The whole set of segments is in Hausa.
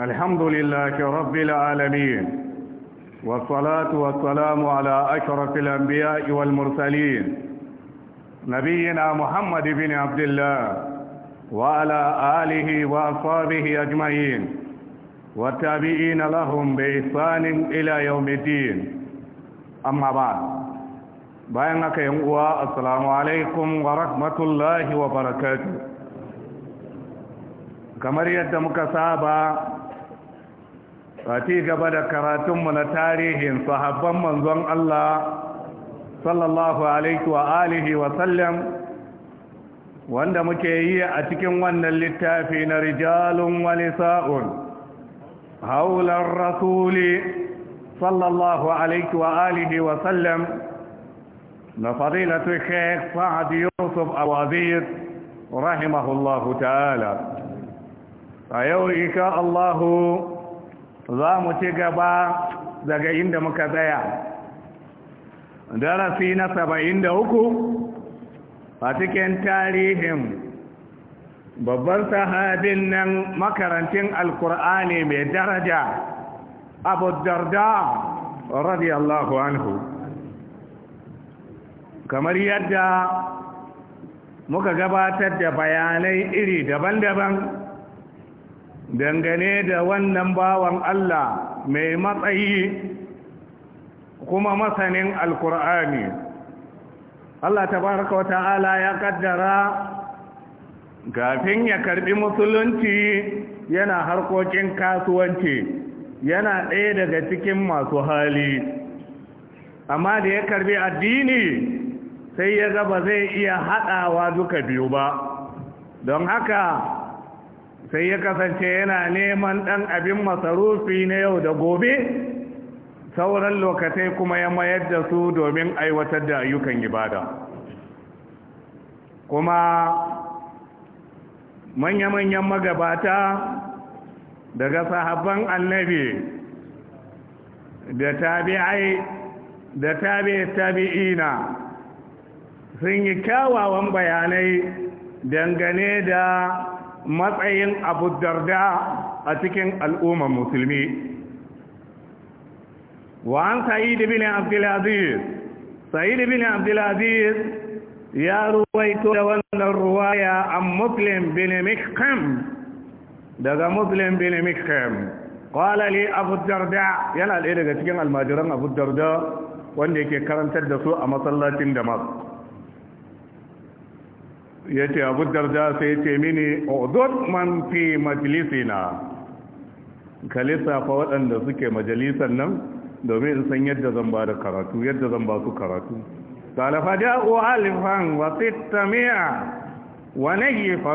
الحمد لله رب العالمين والصلاة والسلام على أشرف الأنبياء والمرسلين نبينا محمد بن عبد الله وعلى آله وأصحابه أجمعين والتابعين لهم بإحسان إلى يوم الدين أما بعد بينك يمقوا السلام عليكم ورحمة الله وبركاته كما yadda muka a ci gaba da karatunmu na tarihin sahabban manzon Allah sallallahu alaihi wa alihi wa sallam wanda muke yi a cikin wannan littafi na rijalun wani sa'un haular rasuli sallallahu alaihi wa alihi wa sallam na fadilatu sheikh sa'ad yusuf awazir rahimahullahu ta'ala a yau insha Allahu za mu ci gaba daga inda muka tsaya darasi na saba'in da uku a cikin tarihin babban sahabin nan makarantin alkur'ani mai daraja abu darda radiyallahu anhu kamar yadda muka gabatar da bayanai iri daban-daban dangane da wannan bawan Allah mai matsayi kuma masanin alkur'ani Allah tabaraka wata'ala ya kaddara kafin ya karbi musulunci yana harkokin kasuwanci yana ɗaya daga cikin masu hali amma da ya karbi addini sai ya ga ba zai iya haɗawa duka biyu ba don haka sai ya kasance yana neman ɗan abin masarufi na yau da gobe sauran lokacin kuma ya mayar da su domin aiwatar da ayyukan ibada kuma manya-manyan magabata daga sahabban annabi da tabi'ai da tabi'ina sun yi kyawawan bayanai dangane da matsayin abu darda a cikin al'ummar musulmi wa an sa'id bin abdulaziz sa'id bin abdulaziz ya ruwaito da wannan ruwaya a muslim bin daga muslim bin mikham abu darda yana ɗaya daga cikin almajiran abu darda wanda yake karantar da su a masallacin damask ya ce abu darja sai ce mini odot man fi majalisi na. ka lissafa waɗanda suke majalisan nan domin in san yadda zan ba da karatu yadda zan ba su karatu talafa da'u alifan wa sittamiya wa nagifa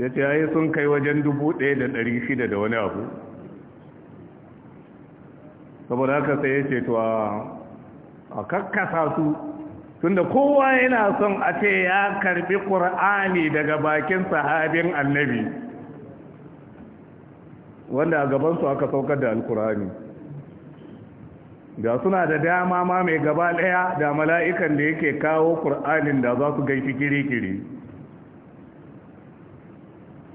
ya ce yi sun kai wajen dubu ɗaya da ɗari shida da wani abu saboda haka sai ya ce to a kakkasa su tunda kowa yana son a ce ya karbi ƙur'ani daga bakin sahabin annabi wanda a gabansu aka saukar da alƙur'ani ga suna da dama ma mai gaba ɗaya da mala'ikan da yake kawo ƙur'anin da za su gaishe kiri-kiri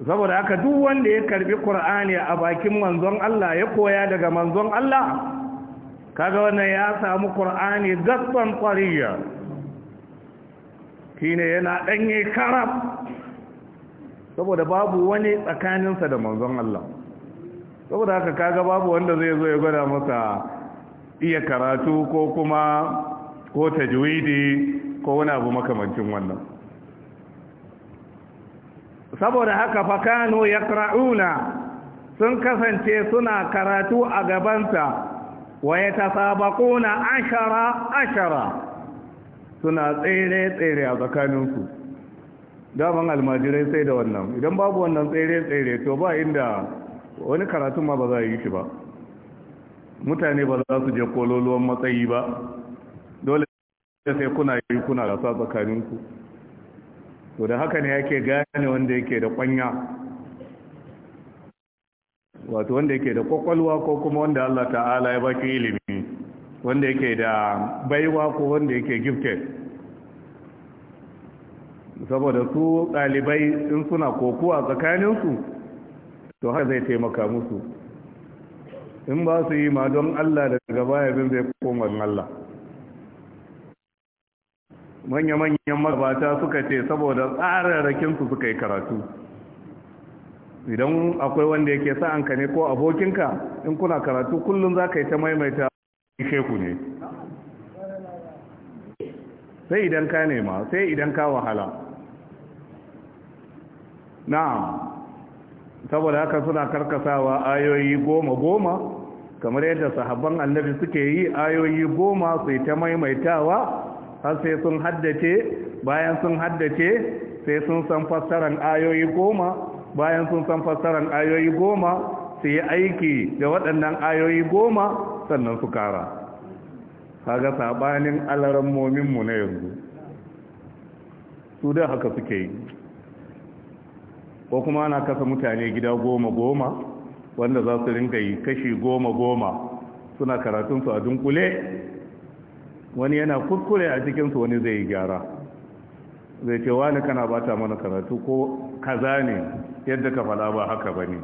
saboda haka duk wanda ya karbi ƙur'ani a bakin manzon Allah ya koya daga manzon Allah kaga wannan ya samu ƙur'ani gaskon ƙwariya shine yana ɗanye karab saboda babu wani tsakaninsa da manzon Allah saboda haka kaga babu wanda zai zo ya gwada masa iya karatu ko kuma ko tajwidi ko wani abu makamancin wannan saboda haka fakano ya ƙra'una sun kasance suna karatu a gabansa wa ya tasabakuna ashara ashara suna tsere-tsere a tsakaninsu daman almajirai sai da wannan idan babu wannan tsere-tsere to ba inda wani karatun ma ba za a yi shi ba mutane ba za su je kololuwan matsayi ba dole sai kuna yi kuna rasa tsakaninku to da haka ne yake gane wanda yake da kwanya wato wanda yake da kwakwalwa ko kuma wanda Allah ta'ala ya baki ilimi wanda yake da baiwa ko wanda yake gifted saboda su ɗalibai in suna kokuwa tsakaninsu to har zai taimaka musu in ba su yi ma don Allah daga baya zai zai koma Allah manya-manyan magabata suka ce saboda tsararrakinsu suka yi karatu idan akwai wanda yake sa'anka ne ko abokinka in kuna karatu kullum za ka yi ta maimaita ku ne sai idan ka nema sai idan ka wahala Na saboda haka suna karkasawa ayoyi goma goma kamar yadda sahabban annabi suke yi ayoyi goma sai ta maimaitawa har sai sun haddace bayan sun haddace sai sun san fassaran ayoyi goma bayan sun san fassaran ayoyi goma sai aiki da waɗannan ayoyi goma sannan su kara kaga sabanin alaran mu na yanzu su da haka suke yi ko kuma ana kasa mutane gida goma goma wanda za su rinka yi kashi goma goma suna karatunsu a dunkule wani yana kuskure a cikinsu wani zai yi gyara zai ce wani kana bata mana karatu ko kaza ne yadda ka fada ba haka ba ne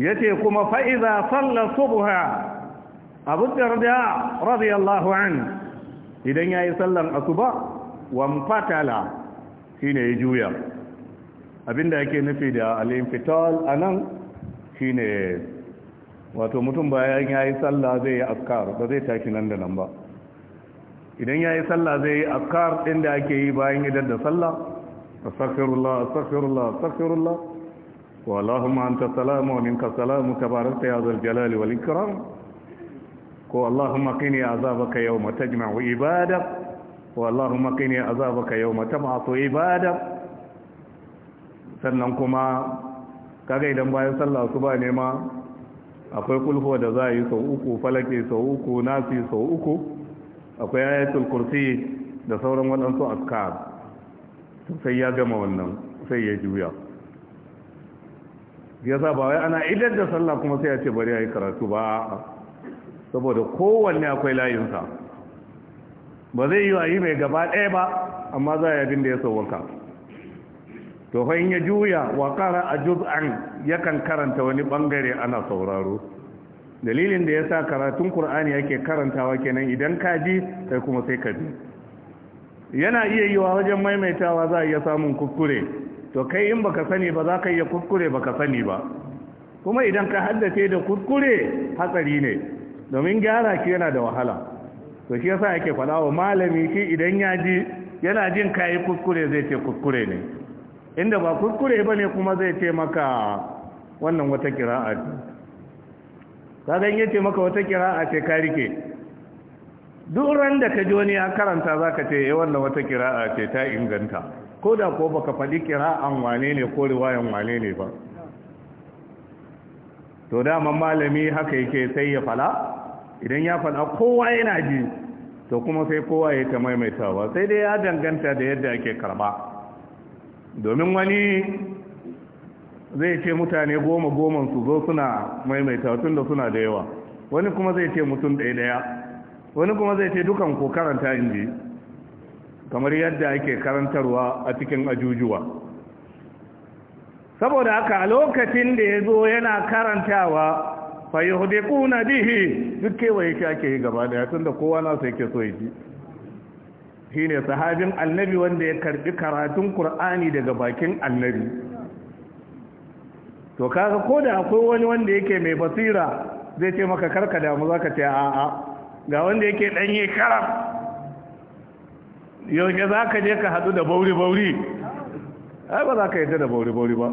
Ya ce kuma Faiza idza salla subha abu darda radiyallahu an idan ya yi sallan asuba wamfatala shine ya juya abinda yake nufi da al-infital anan shine wato mutum bayan yi sallah zai yi afkar ba zai tashi nan da nan ba idan ya yi sallah zai yi afkar din da ake yi bayan idan da sallah astaghfirullah astaghfirullah astaghfirullah اللهم أنت السلام ومنك السلام تباركت يا ذا الجلال والإكرام اللهم قني عذابك يوم تجمع عبادك اللهم قني عذابك يوم تبعث عبادك sannan kuma kaga idan bayan sallah su ba ma akwai kulhuwa da za a yi sau uku falake sau uku nasi sau uku akwai ayatul kursi da sauran waɗansu askar sai ya gama wannan sai ya juya ya za ba wai ana idan da sallah kuma sai ya ce bari ya yi karatu ba saboda kowanne akwai layinsa ba zai yi yi mai gaba ɗaya ba amma za a yi da ya sauwaka to fa ya juya wa kara a juz'an yakan karanta wani bangare ana sauraro dalilin da ya sa karatun Kur'ani yake karantawa kenan idan ka ji kai kuma sai ka ji yana iya yiwa wajen maimaitawa za a iya samun kuskure to kai in baka sani ba za ka iya kuskure baka sani ba kuma idan ka haddace da kuskure hatsari ne domin gyara ki yana da wahala to shi yasa yake faɗa wa malami shi idan ya ji yana jin kayi kuskure zai ce kuskure ne inda ba kuskure ba ne kuma zai ce maka wannan wata kira'a ce kagan yace maka wata kira'a ce ka rike duk ran da ka ji wani ya karanta za ka ce eh, wannan wata kira'a ce ta inganta ko da ko baka faɗi kira'an wane ne ko riwayan wane ne ba to dama malami haka yake sai ya fala idan ya fada kowa yana ji to kuma sai kowa ya ta maimaitawa sai dai ya danganta da yadda ake karba domin wani zai ce mutane goma goman su zo suna maimaitawa tun da suna da yawa wani kuma zai ce mutum ɗaya ɗaya wani kuma zai ce dukan ko karanta inji kamar yadda ake karantarwa a cikin ajujuwa saboda haka lokacin da ya zo yana karantawa fayyuhdikuna bihi duk kewaye shi ake yi gaba tun da kowa na sai ke so yi ne sahabin annabi wanda ya karbi karatun qur'ani daga bakin annabi to kaga ko da akwai wani wanda yake mai basira zai ce maka karka damu zaka ce a'a ga wanda yake danye karam yaushe za ka je ka hadu da bauri-bauri ai ba za ka yadda da bauri-bauri ba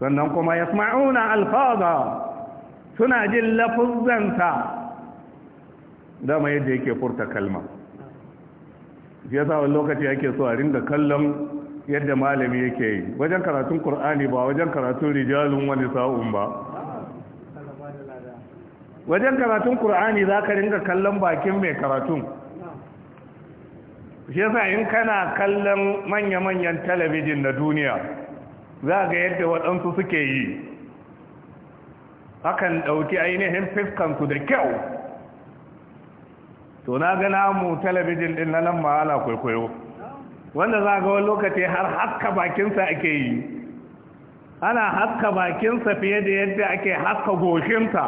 sannan kuma ya sma'una alfaza suna jin lafuzzanta dama yadda yake furta kalma ya sa wani lokaci yake so a ringa kallon yadda malami yake yi wajen karatun Kur'ani ba wajen karatun rijalun wani sa'un ba wajen karatun Kur'ani za ka ringa kallon bakin mai karatun shi yasa in kana kallon manya-manyan talabijin na duniya za ga yadda waɗansu suke yi hakan ɗauki ainihin fiskansu da kyau to na gana mu talabijin ɗin na nan ma'ala kwaikwayo wanda za ga wani lokaci har haska bakinsa ake yi ana haska bakinsa fiye da yadda ake haska goshinsa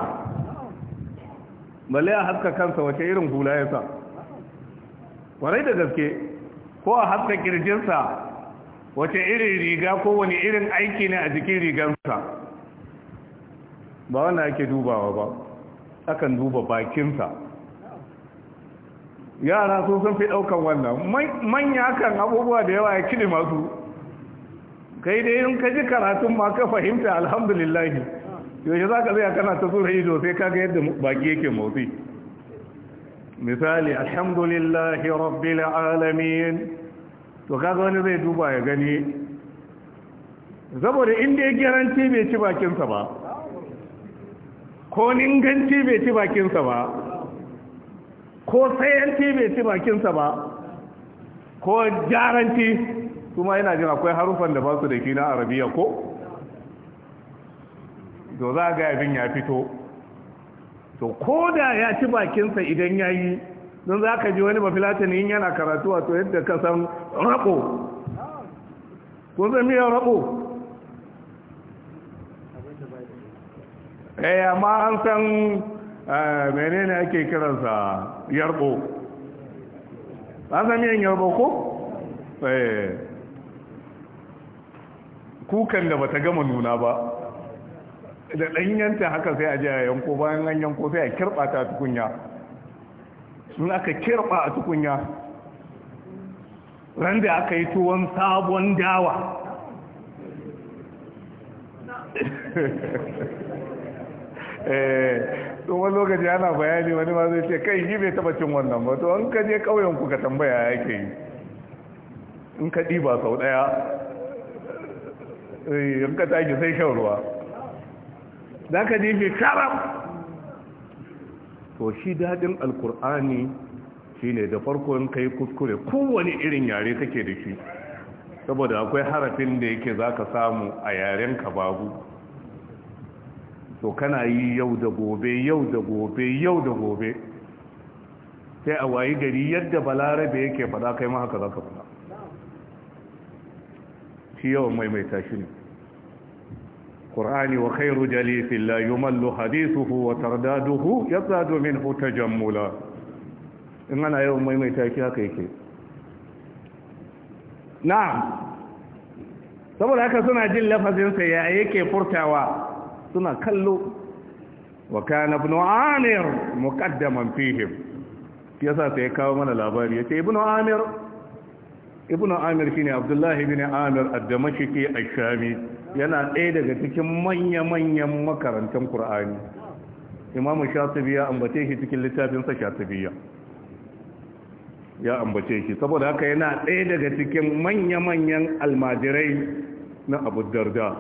balle a haska kansa wace irin hula ya sa kwarai da gaske ko a haska kirjinsa wace irin riga ko wani irin aiki ne a jikin rigansa ba wanda ake dubawa ba akan duba bakinsa yara su sun fi daukan wannan manya kan abubuwa da yawa ya kini masu kai dai in kaji karatun ma ka fahimta alhamdulillahi yaushe za ka zai kana ta tsura ido sai kaga yadda baki yake motsi misali alhamdulillahi rabbil alamin to kaga wani zai duba ya gani saboda inda ya garanti bai ci bakinsa ba ko ninganci bai ci bakinsa ba ko sayanci bai ci bakinsa ba ko jaranci kuma yana jin akwai harufan da ba su da kina arabiya ko to za ga abin ya fito to ko da ya ci bakinsa idan ya yi don za ka ji wani bafilatani in yana karatu wato yadda ka san rabo ko zai miyan rabo eh amma an san eh, menene ake kiransa yarbo ba san miyan yarbo ko eh kukan da bata gama nuna ba da danyanta haka sai a ji a yanko bayan an yanko sai a kirɓa ta tukunya sun aka kirɓa a tukunya ran da aka yi tuwon sabon dawa eh, tsohon lokaci ana bayani wani ma zai ce kai yi bai taba cin wannan ba to an ka je ƙauyen ku ka tambaya yake yi in ka ba sau ɗaya eh, in ka tashi sai shan ruwa za ka ji sharaf to shi daɗin alkur'ani shi ne da farkon kai kuskure kowane irin yare kake da shi saboda akwai harafin da yake zaka samu a yaren ka babu to kana yi yau da gobe yau da gobe yau da gobe sai a wayi gari yadda balarabe yake faɗa kai ma haka za ka faɗa shi yawan maimaita shi ne القرآن وخير جليس لا يمل حديثه وترداده يزاد منه تجملا إننا يوم ما يتأكي حقيقي نعم سبب لك سنة جل لفظ سيأيك فرتوى سنة كلو وكان ابن عامر مقدما فيهم كيسا سيكاو من الأبار يتي ابن عامر ابن عامر كيني عبد الله بن عامر الدمشقي الشامي yana ɗaya daga cikin manya-manyan makarantar ƙura'ani imamu shatibiya ambace shi cikin littafinsa shatibiya ya ambace shi saboda haka yana ɗaya daga cikin manya-manyan almajirai na abu darda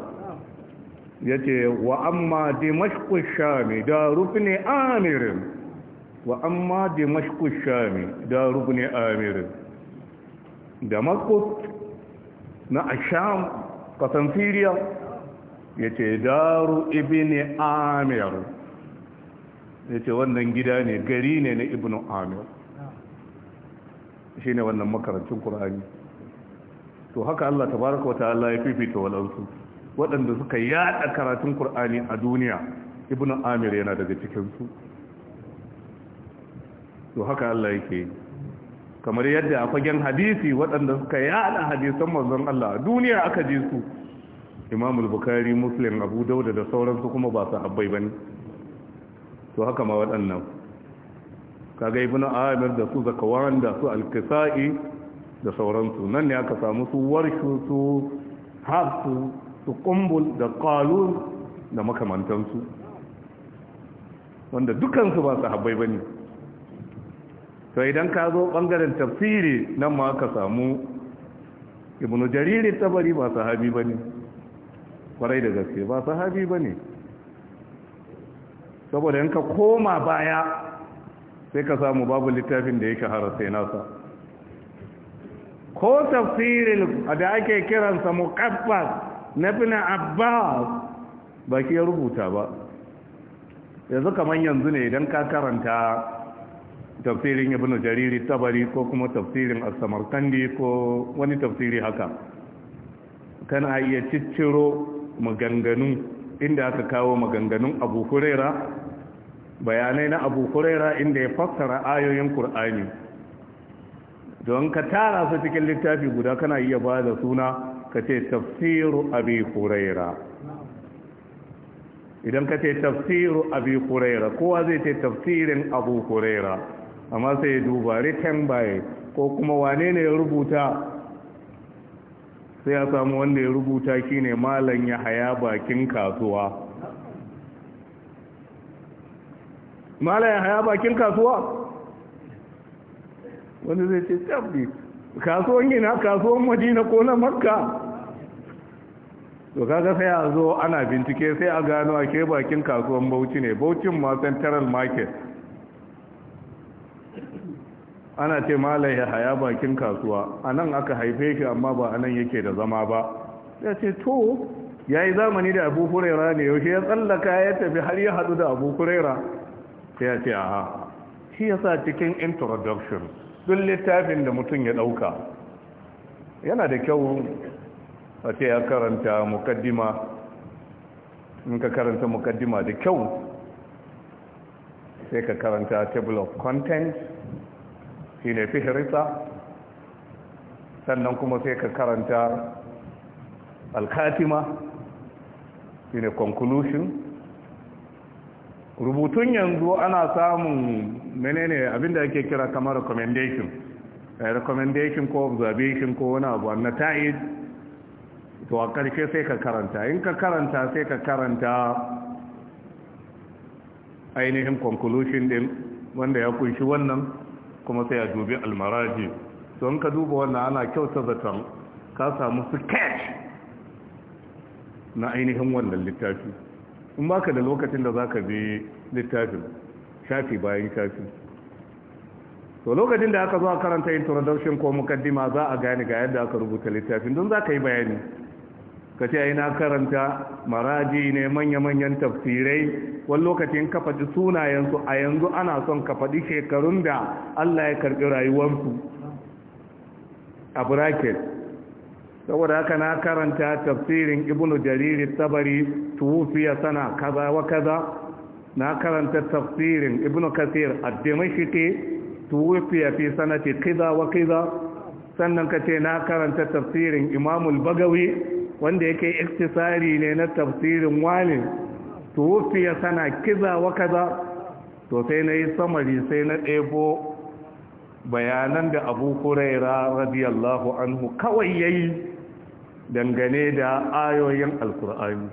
ya ce wa amma mashkusha shami da ne amirin wa amma mashkusha shami da ne amirin Da Makus na asham kasan ya ce daru ibini amir ya ce wannan gida ne gari ne na ibini amir shi ne wannan makarancin Kur'ani to haka allah baraka wata allah ya fifita waɗansu waɗanda suka yada karatun Kur'ani a duniya ibini amir yana daga cikinsu to haka allah yake yi kamar yadda a fagen hadisi waɗanda suka yada hadisan mazan Allah a duniya aka ji su imamul bukari Muslim Abu dauda da sauransu kuma ba su habbai ne to haka ma waɗannan kaga Ibn Amir da su Zakawan da su alkisa'i da sauransu nan ne aka samu su warshu su hafsu su kumbul da qalun da makamantansu wanda dukansu ba su habbai ne. to idan ka zo bangaren tafsiri nan ma ka samu ibnu jariri tabari ba sahabi ba ne kwarai da gaske ba sahabi ba ne saboda in ka koma baya sai ka samu babu littafin da yake harasai nasa ko tafsirin da ake kiransa muƙabbas na fina abbas ba ke rubuta ba yanzu kamar yanzu ne idan ka karanta tafsirin ibn jariri tabari ko kuma tafsirin as ko wani tafsiri haka kana iya cicciro maganganu inda aka kawo maganganun abu huraira bayanai na abu huraira inda ya fassara ayoyin kur'ani. don ka tara su cikin littafi guda kana iya ba da suna ka ce tafsiru abi huraira idan ka ce tafsiru abi huraira kowa zai ce tafsirin abu huraira amma sai ya duba written by ko kuma wane ne ya rubuta sai ya samu wanda ya rubuta shine malam ya haya bakin kasuwa malam ya haya bakin kasuwa wanda zai ce tabbi kasuwan gina kasuwan madina ko na makka to kaga sai a zo ana bincike sai a gano a ke bakin kasuwan bauchi ne bauchin ma central market ana ce malam ya haya bakin kasuwa a nan aka haife shi amma ba a nan yake da zama ba ya ce to ya yi zamani da abu kuraira ne yaushe ya tsallaka ya tafi har ya haɗu da abu kuraira sai ya ce aha shi ya sa cikin introduction duk littafin da mutum ya ɗauka yana da kyau a ce ya karanta mukaddima in ka karanta mukaddima da kyau sai ka karanta table of contents shine fihirisa sannan kuma sai ka karanta alkatima shine conclusion rubutun yanzu ana samun menene abinda ake kira kamar recommendation eh, recommendation ko observation ko wani abu na ta'id to a ƙarshe sai ka karanta in ka karanta sai ka karanta ainihin conclusion din wanda ya kunshi wannan kuma sai a dubi almaraji don ka duba wannan ana kyauta zaton ka samu catch na ainihin wannan littafi in baka da lokacin da zaka bi littafin shafi bayan shafi to lokacin da aka zo a karanta introduction ko mukaddima za a gane ga yadda aka rubuta littafin don zaka yi bayani ka ce ai na karanta maraji ne manya-manyan tafsirai wani lokacin ka faɗi sunayensu a yanzu ana son ka faɗi shekarun da Allah ya karɓi rayuwarsu a bracket saboda haka na karanta tafsirin ibnu jariri tabari ya sana kaza wa kaza na karanta tafsirin ibnu kasir ad-dimashqi ya fi sanati kaza wa kaza sannan ka ce na karanta tafsirin imamul bagawi wanda yake iktisari ne na tafsirin wani tuwufiya sana kiza wa kaza to sai na yi samari sai na ɗebo bayanan da abu kuraira radiyallahu anhu kawai ya yi dangane da ayoyin alkur'ani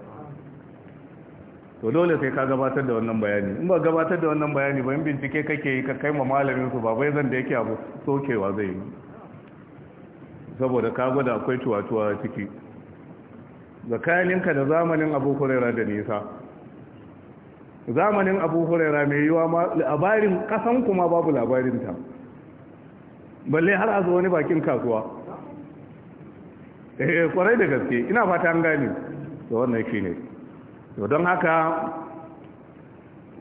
to dole sai ka gabatar da wannan bayani in ba gabatar da wannan bayani ba bincike kake yi ka kai ma malamin su babai zan da yake abu sokewa zai yi saboda ka gwada akwai cuwa-cuwa ciki zakaninka da zamanin abu huraira da nisa zamanin abu huraira mai yiwa ma labarin kasan kuma babu labarinta balle har a zo wani bakin kasuwa eh kwarai da gaske ina fata an gane da wannan shine to don haka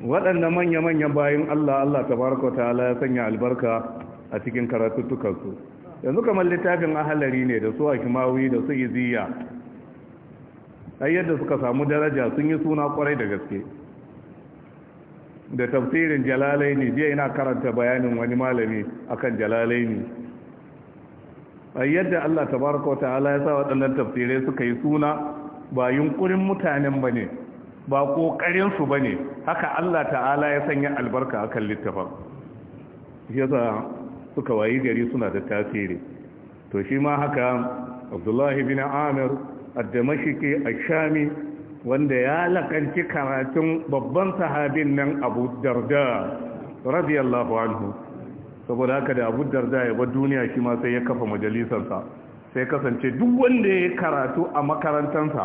waɗanda manya-manyan bayan Allah Allah tabaraka ta'ala ya sanya albarka a cikin karatuttukansu yanzu kamar littafin ahalari ne da su akimawi da su iziya ai yadda suka samu daraja sun yi suna kwarai da gaske da tafsirin jalalaini jiya ina karanta bayanin wani malami akan jalalaini ai yadda Allah tabaraka wa ta'ala ya sa waɗannan tafsirai suka yi suna ba yunkurin mutanen bane ba kokarin su bane haka Allah ta'ala ya sanya albarka akan littafin yasa suka wayi gari suna da tasiri to shi ma haka Abdullahi bin Amir a damashiki a shami wanda ya lakanci karatun babban sahabin nan Abu Darda radiyallahu anhu saboda haka da Abu Darda ya bar duniya shi ma sai ya kafa majalisarsa sai kasance duk wanda ya karatu a makarantansa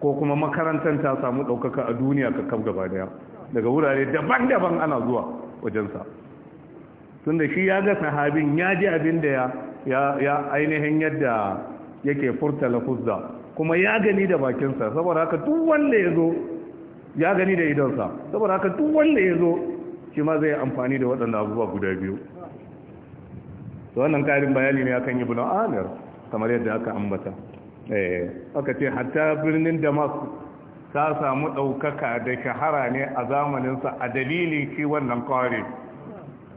ko kuma makarantar ta samu ɗaukaka a duniya ka kaf gaba daya daga wurare daban-daban ana zuwa wajensa tun da shi ya ga sahabin ya ji abin da ya ainihin yadda yake furta lafuzza kuma ya gani da bakinsa saboda haka duk wanda ya zo ya gani da idonsa saboda haka duk wanda ya zo shi ma zai amfani da waɗanda abubuwa guda biyu to wannan ƙarin bayani ne akan ibnu amir kamar yadda aka ambata eh aka ce hatta birnin damas ta samu ɗaukaka da shahara ne a zamaninsa a dalilin shi wannan kawari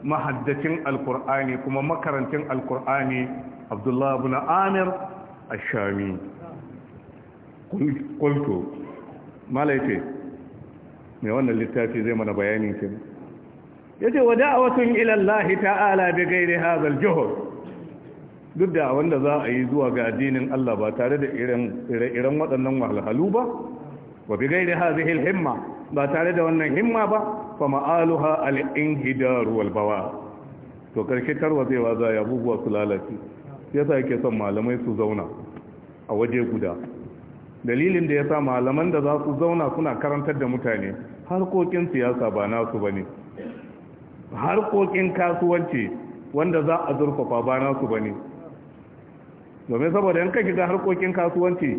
mahaddacin alkur'ani kuma makarantin alkur'ani abdullahi ibn amir ashami kulto malaike mai wannan littafi zai mana bayanin kin yace wa da'watun ila Allah ta'ala bi gairi hadha jihar. duk da wanda za a yi zuwa ga addinin Allah ba tare da irin waɗannan wahalhalu ba wa bi gairi hadhihi himma ba tare da wannan himma ba fa ma'aluha al-inhidar wal bawa to karshe tarwazewa za ya bubuwa su lalace yasa yake son malamai su zauna a waje guda dalilin da yasa malaman da za su zauna suna karantar da mutane harkokin siyasa ba nasu bane harkokin kasuwanci wanda za a zurfafa ba nasu bane domin saboda yanka shiga harkokin kasuwanci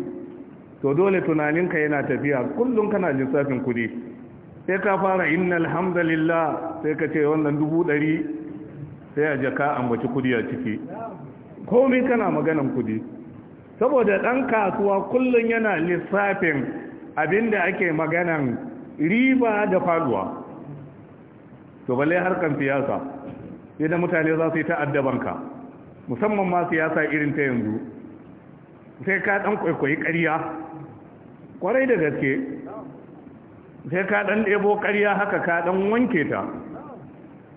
to dole tunaninka yana tafiya kullum kana lissafin kudi sai ka fara inna alhamdulillah sai ka ce wannan dubu ɗari sai a jaka ambaci kudi a ciki komai kana maganan kudi saboda ɗan kasuwa kullum yana lissafin abinda ake maganan riba da faruwa to balle harkan siyasa idan mutane za su yi ta'addabanka musamman ma siyasa irin ta yanzu sai ka ɗan kwaikwayi ƙarya kwarai da gaske sai ka ɗan ɗebo ƙarya haka ka ɗan wanke ta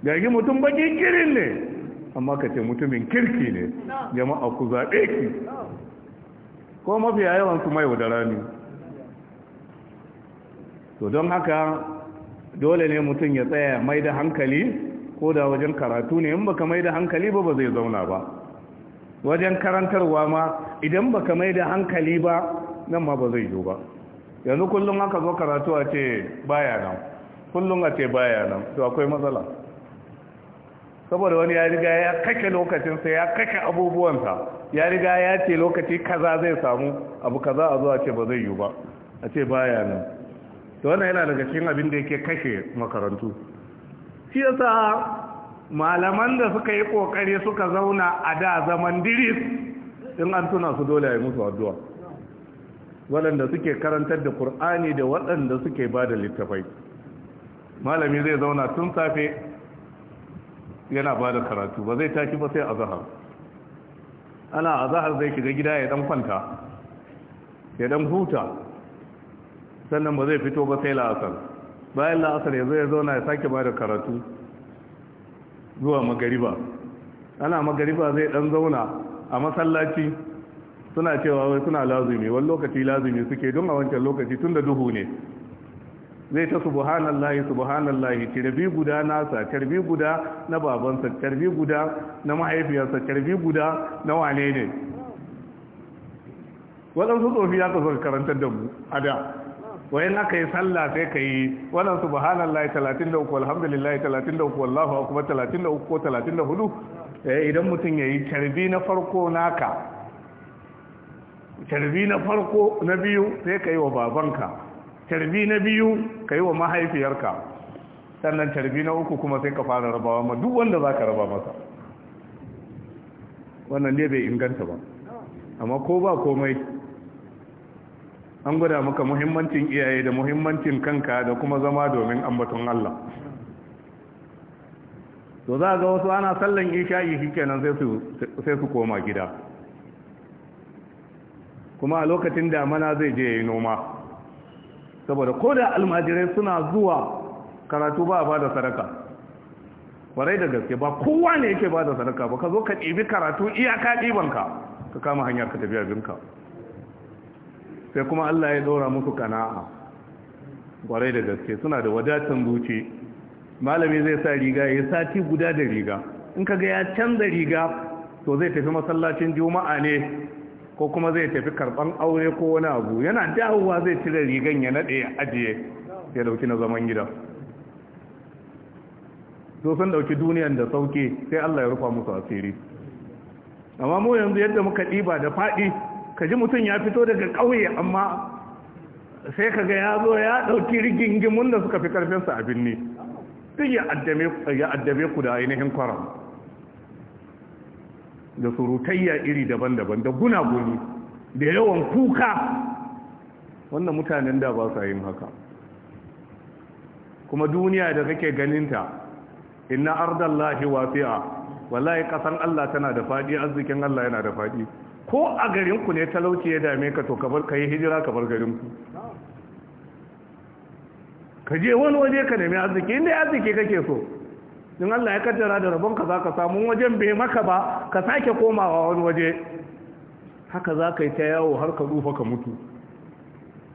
gari mutum baki kirin ne amma ka ce mutumin kirki ne jama'a ku zaɓe ki ko mafi yawan su mai wadara ne to don haka dole ne mutum ya tsaya mai da hankali ko da wajen karatu ne in baka mai da hankali ba ba zai zauna ba wajen karantarwa ma idan baka mai da hankali ba nan ma ba zai yiwu ba yanzu kullum haka zo karatu a ce baya nan kullum a ce baya nan to akwai matsala saboda wani ya riga ya kashe lokacinsa ya kashe abubuwansa ya riga ya ce lokaci kaza zai samu abu kaza a zuwa ce ba zai yi ba a ce baya nan to wannan yana daga cikin abin da yake kashe makarantu shi yasa malaman da suka yi kokari suka zauna a da zaman diris in an tuna su dole yi musu addu'a waɗanda suke karantar da Kur'ani da waɗanda suke bada da littafai malami zai zauna tun safe yana ba da karatu ba zai tashi ba sai a zahar ana a zahar zai shiga gida ya dan kwanta ya dan huta sannan ba zai fito ba sai la'asar bayan la'asar ya zai zauna ya sake ba da karatu zuwa magariba ana magariba zai dan zauna a masallaci suna cewa wai suna lazumi wani lokaci lazumi suke don a wancan lokaci tun da duhu ne zai ta subhanallahi subhanallahi karbi guda nasa karbi guda na babansa karbi guda na mahaifiyarsa karbi guda na wane ne waɗansu tsofi ya ta suka karantar da mu a da wayan aka yi sallah sai ka yi waɗansu subhanallahi 33 alhamdulillahi 33 wallahu akbar 33 ko 34 eh idan mutum ya yi karbi na farko naka karbi na farko na biyu sai ka yi wa babanka tarbi na biyu ka yi wa mahaifiyarka sannan tarbi na uku kuma sai ka fara rabawa ma duk wanda za ka raba masa wannan ne bai inganta ba amma ko ba komai an gwada maka muhimmancin iyaye da muhimmancin kanka da kuma zama domin ambaton Allah to za ga wasu ana sallan isha'i shikenan sai sai su koma gida kuma a lokacin damana zai je yi noma saboda ko da almajirai suna zuwa karatu ba a ba da sadaka kwarai da gaske ba kowa ne yake ba da sadaka ba ka zo ka ɗibi karatu iyaka ɗibanka ka kama hanya ka tafi abinka sai kuma Allah ya ɗora musu kana'a kwarai da gaske suna da wadatan zuci malami zai sa riga ya sati guda da riga in ka ga ya canza riga to zai tafi masallacin juma'a ne ko kuma zai tafi karban aure ko wani abu yana dawowa zai cire rigan ya nade ya ajiye ya dauki na zaman gida so sun dauki duniyan da sauke sai Allah ya rufa musu asiri amma mu yanzu yadda muka diba da fadi kaji mutum ya fito daga kauye amma sai kaga ya zo ya dauki rigingimun da suka fi karfin sa a binni duk ya addabe ku da ainihin kwaram da surutayya iri daban-daban da gunaguni da yawan kuka wannan mutanen da ba sa yin haka kuma duniya da kake ganinta inna ardallahi wasi'a wallahi kasan Allah tana da fadi arzikin Allah yana da fadi ko a garin ku ne talauci ya dame ka to ka bar kai hijira ka bar garin ku ka je wani waje ka nemi arziki inda arziki kake so in Allah ya kaddara da rabon ka za ka samu wajen bai maka ba ka sake komawa wani waje haka za ka yi ta yawo har ka rufa ka mutu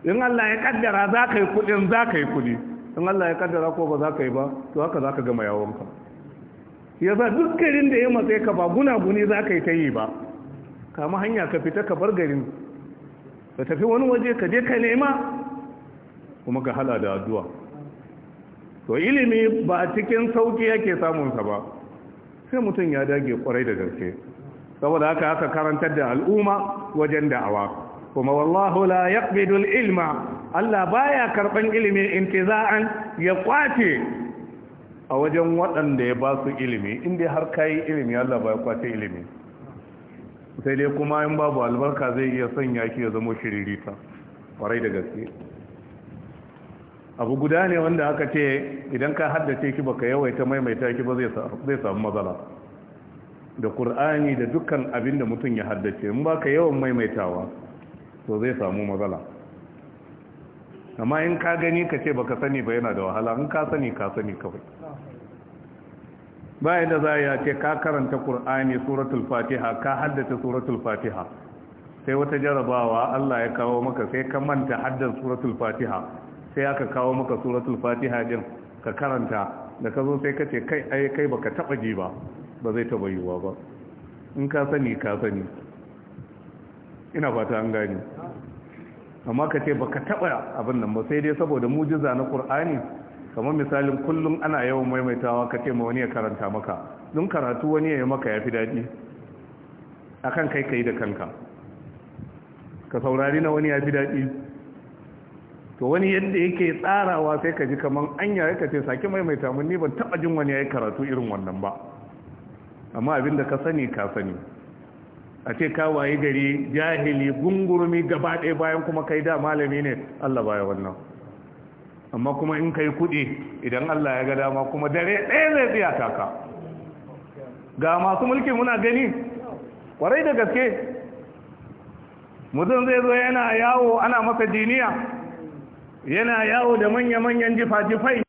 in Allah ya kaddara ka yi kudin ka yi kudi in Allah ya kaddara ko ba za ka yi ba to haka za ka gama yawon ka ya duk garin da ya matsaye ka ba guna-guni za ka yi ta yi ba kama hanya ka fita ka bar garin ka tafi wani waje ka je ka nema kuma ka hala da addu'a to ilimi ba cikin sauki yake samunsa ba sai mutum ya dage kwarai da gaske saboda haka aka karantar da al'umma wajen da'awa kuma wallahu la yaqbidu ilma Allah baya karban ilimi intiza'an ya kwace a wajen waɗanda ya ba su ilimi inda har kayi ilimi Allah baya kwace ilimi sai dai kuma in babu albarka zai iya sanya ki ya zama shiririta kwarai da gaske abu guda ne wanda aka ce idan ka haddace ki baka yawaita maimaita ki ba zai samu matsala da Kur'ani da dukkan abin da mutum ya haddace in baka yawan maimaitawa to zai samu matsala amma in ka gani ka ce baka sani ba yana da wahala in ka sani ka sani kawai bayan da za a ce ka karanta Kur'ani suratul fatiha ka haddace suratul fatiha sai wata jarabawa Allah ya kawo maka sai ka manta haddan suratul fatiha sai aka kawo maka suratul fatiha din ka karanta da ka zo sai ka ce kai ai kai baka taba ji ba ba zai taba yiwuwa ba in ka sani ka sani ina fata an gani amma ka ce baka taba abin nan ba sai dai saboda mujiza na qur'ani kamar misalin kullum ana yawan maimaitawa ka ce ma wani ya karanta maka don karatu wani ya yi maka yafi daɗi akan kai kai da kanka ka saurari na wani ya fi daɗi to wani yadda yake tsarawa sai ka ji kamar an yaya ka ce sake maimaita mun ni ban taba jin wani yayi karatu irin wannan ba amma abin da ka sani ka sani a ce ka waye gari jahili gungurumi gaba ɗaya bayan kuma kai da malami ne Allah baya wannan amma kuma in kai kuɗi idan Allah ya ga dama kuma dare ɗaya zai tsaya taka ga masu mulki muna gani kwarai da gaske mutum zai zo yana yawo ana masa jiniya yana yawo da manya-manyan jifa-jifai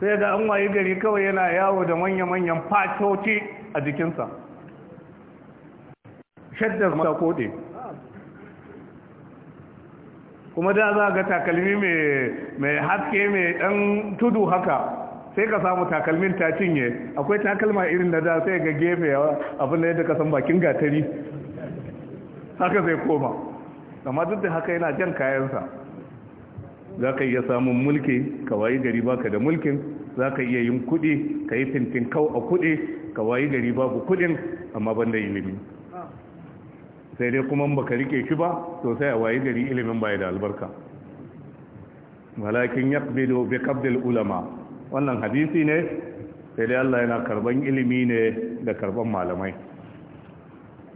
sai ga an waye gari kawai yana yawo da manya-manyan fatoci a jikinsa shaddar mata kode kuma da za ga takalmi mai haske mai ɗan tudu haka sai ka samu takalmin ta cinye akwai takalma irin da da sai ga gefe abin da yadda ka san bakin gatari haka zai koma amma duk da haka yana jan kayansa za ka iya samun mulki ka wayi gari baka da mulkin za ka iya yin kuɗi ka yi fintin kau a kuɗi ka wayi gari babu kuɗin amma ban da ilimi sai dai kuma baka rike shi ba sosai a wayi gari ilimin baya da albarka malakin yaqbidu bi kabdil ulama wannan hadisi ne sai dai Allah yana karban ilimi ne da karban malamai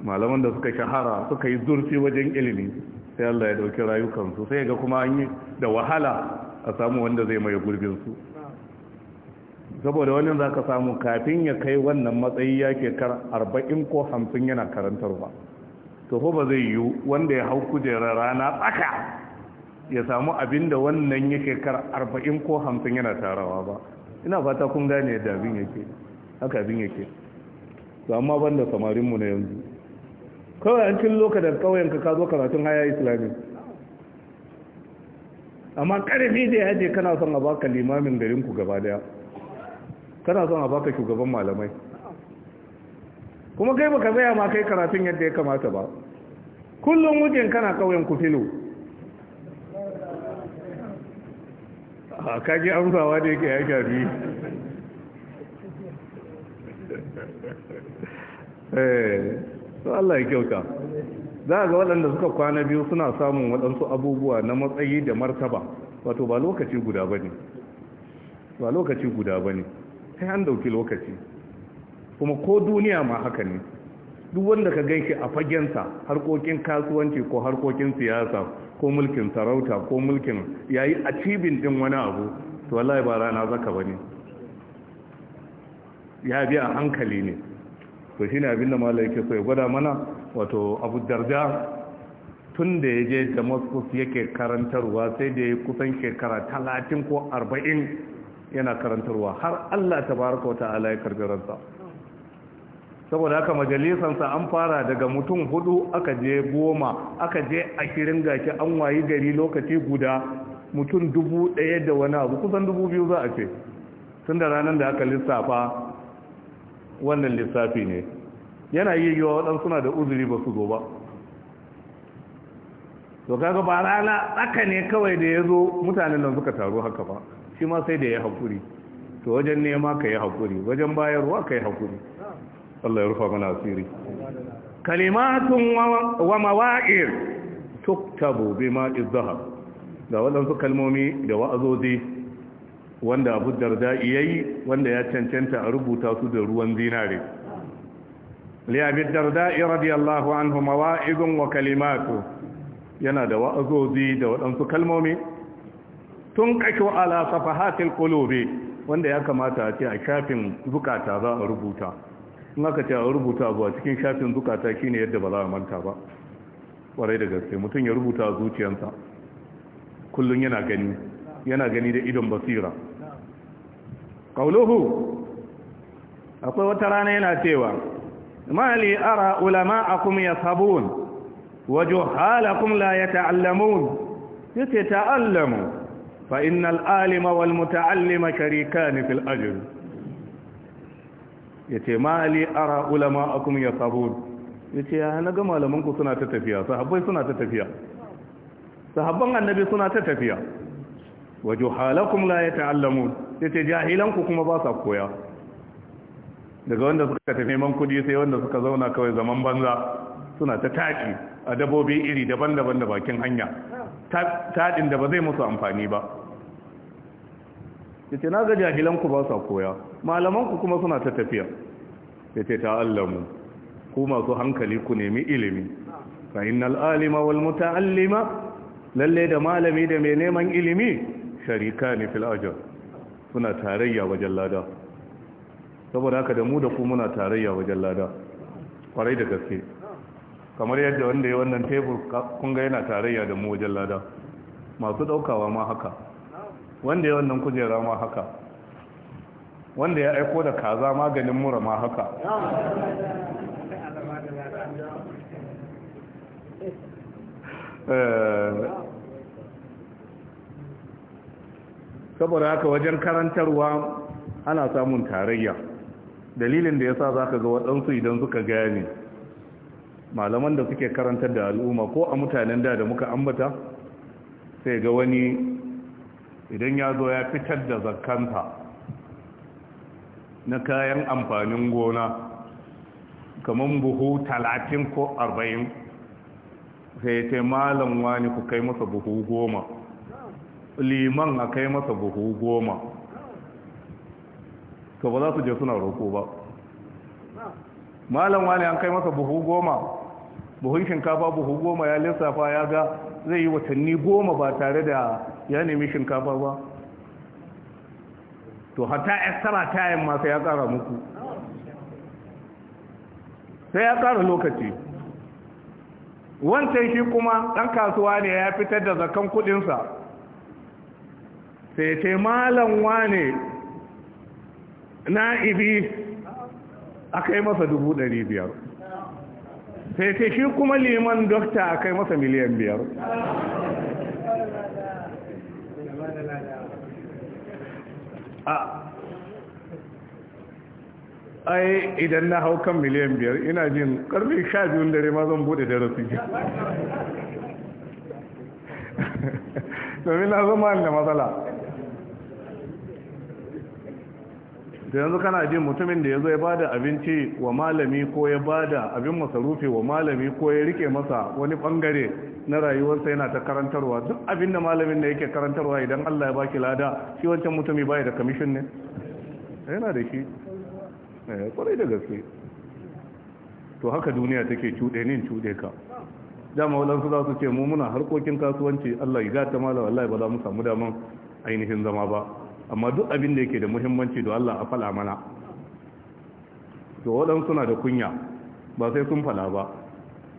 malaman da suka shahara suka yi zurfi wajen ilimi sai Allah ya dauki rayukansu sai ga kuma an yi da wahala a samu wanda zai mai gurbinsu saboda wannan za ka samu kafin ya kai wannan matsayi ya ke kar arba'in ko hamsin yana karantarwa to ko ba zai yiwu wanda ya hau kujerar rana tsaka ya samu abin da wannan yake kar arba'in ko hamsin yana tarawa ba ina fata kun gane yadda abin yake haka abin yake to amma ban da samarinmu na yanzu kawai an cin loka da ƙauyenka ka zo karatun haya islami amma ƙarfi da yaje kana son a baka limamin garinku gaba daya kana son a baka shugaban malamai kuma kai baka zaya ma kai karatun yadda ya kamata ba kullum wujen kana ƙauyen filo a kaji amsawa da yake ya shafi eh to Allah ya kyauta za ga waɗanda suka kwana biyu suna samun waɗansu abubuwa na matsayi da martaba wato ba lokaci guda ba ne ba lokaci guda ba ne sai an dauki lokaci kuma ko duniya ma haka ne duk wanda ka gan shi a fagensa harkokin kasuwanci ko harkokin siyasa ko mulkin sarauta ko mulkin yayi a cibin din wani abu to wallahi ba rana zaka bane ya biya hankali ne to ne abin da malai yake so ya gwada mana wato abu darda tun da ya je da damascus yake karantarwa sai da ya kusan shekara talatin ko arba'in yana karantarwa har allah ta baraka wata ala ya karbi ransa saboda haka majalisansa an fara daga mutum hudu aka je goma aka je a ashirin gashi an wayi gari lokaci guda mutum dubu daya da wani abu kusan dubu biyu za a ce tun da ranar da aka lissafa wannan lissafi ne yana yi yiwa waɗansu waɗansuna da uzuri ba su zo ba to kaga ba rana tsaka ne kawai da ya zo mutanen nan suka taru haka ba shi ma sai da ya haƙuri to wajen nema ka yi haƙuri wajen bayarwa ka yi haƙuri Allah ya rufa mana asiri kalimatun wa mawa'ir tuktabu bima izdahar da waɗansu kalmomi da wa'azozi wanda abu darda yayi wanda ya cancanta a rubuta su da ruwan zinare li abi darda radiyallahu anhu mawa'izun wa kalimatu yana da wa'azozi da waɗansu kalmomi tun kake ala safahatil qulubi wanda ya kamata a ce a shafin zukata za a rubuta in aka ce a rubuta abu a cikin shafin zukata shine yadda ba za a manta ba kwarai da gaske mutum ya rubuta zuciyarsa kullum yana gani yana gani da idon basira Kauluhu, akwai wata rana yana cewa mali ara ulama ulama'akum yasabun wa juhalakum la yata'allamun yace ta'allamu fa innal alima wal muta'allima sharikan fil ya ce mali ara ulama ulama'akum ya yace ya ce naga malaman ku suna ta tafiya sahabbai suna ta tafiya sahabban annabi suna ta tafiya wa juhalakum la yata'allamun yace ce jahilanku kuma ba sa koya daga wanda suka tafi neman kudi sai wanda suka zauna kawai zaman banza suna ta taƙi a dabobi iri daban-daban da bakin hanya taɗin da ba zai musu amfani ba Ya ce na ga jahilanku ku ba sa koya Malamanku kuma suna ta tafiya ya yace ta'allamu ku masu hankali ku nemi ilimi fa al'alima alima wal muta'allima lalle da malami da mai neman ilimi sharika ne fil ajr suna tarayya wajen lada saboda haka da mu da ku muna tarayya wajen lada kwarai da gaske kamar yadda wanda ya wannan tebur kun ga yana tarayya da mu wajen lada masu daukawa ma haka wanda ya wannan kujera ma haka wanda ya aiko da kaza maganin mura ma haka eh saboda haka wajen karantarwa ana samun tarayya dalilin da yasa ka ga waɗansu idan suka gane malaman da suke karantar da al'umma ko a mutanen da da muka ambata sai ga wani idan ya zo ya fitar da zakanta na kayan amfanin gona kamar buhu talatin ko arba'in sai ya ce malam wani ku kai masa buhu goma liman a kai masa buhu goma to ba za su je suna roƙo ba malam wani an kai masa buhu goma buhun shinkafa buhu goma ya lissafa ya ga zai yi watanni goma ba tare da ya nemi shinkafa ba to Hata extra time tayin masu ya kara muku sai ya kara lokaci wancan shi kuma ɗan kasuwa ne ya fitar da zakan kudinsa sai ce malam wane na'ibi a kai masa dubu ɗari biyar sai ce shi kuma liman dokta a kai masa miliyan biyar a ai idan na hau kan miliyan biyar ina jin karni sha biyun dare ma zan bude darasi domin na zama da matsala da yanzu kana jin mutumin da ya zo ya bada abinci wa malami ko ya bada abin masarufi wa malami ko ya rike masa wani bangare na rayuwarsa yana ta karantarwa duk abin da malamin da yake karantarwa idan Allah ya baki lada shi wancan mutumi baya da kamishin ne eh, yana da shi eh kwarai da gaske to haka duniya take cuɗe ne cuɗe ka dama wadansu za su ce mu muna harkokin kasuwanci Allah ya gata mala wallahi ba za mu samu daman ainihin zama ba amma duk abin da yake da muhimmanci da Allah a fala mana to waɗansu suna da kunya ba sai sun fala ba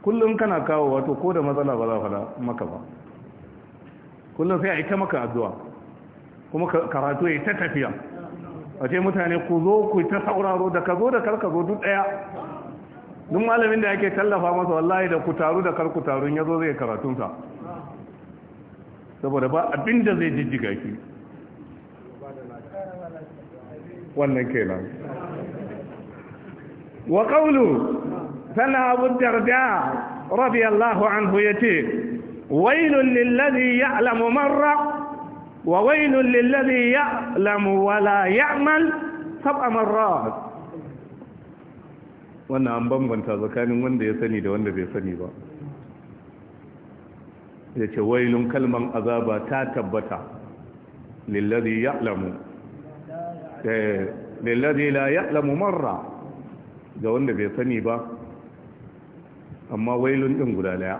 kullum kana kawo wato ko da matsala ba za fala maka ba kullum sai ai ta maka addu'a kuma karatu ya ta tafiya a ce mutane ku zo ku ta sauraro da ka zo da karka zo duk ɗaya duk malamin da yake tallafa masa wallahi da ku taru da karku tarun ya zo zai karatunsa saboda ba abinda zai jijjiga ki wannan kenan wa qawlu sana abu darda radiyallahu anhu yace wailun lilladhi ya'lamu marra wa wailun lilladhi ya'lamu wa la ya'mal sab'a marrat wannan an bambanta tsakanin wanda ya sani da wanda bai sani ba yace wailun kalman azaba ta tabbata lillazi ya'lamu Eh, lillazi la ya'lamu marra ga wanda bai sani ba amma wailun din guda daya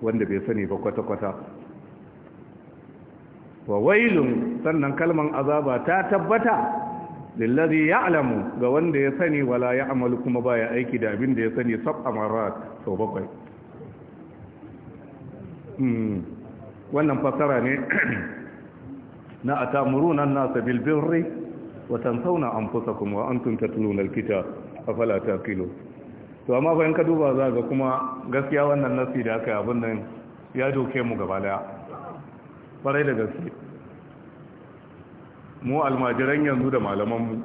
wanda bai sani ba kwata-kwata wa wailun sannan kalman azaba ta tabbata lillazi ya'lamu ga wanda ya sani wala amalu, kuma baya aiki da abin da ya sani sab'a marra sau bakwai hmm. wannan fasara ne na atamuruna an-nasa bil birri wa tansawna anfusakum wa antum tatluna al a falata kilo. to amma bayan ka duba za ga kuma gaskiya wannan nasi da aka yi abin nan ya doke mu gaba daya farai da gaske mu almajiran yanzu da mu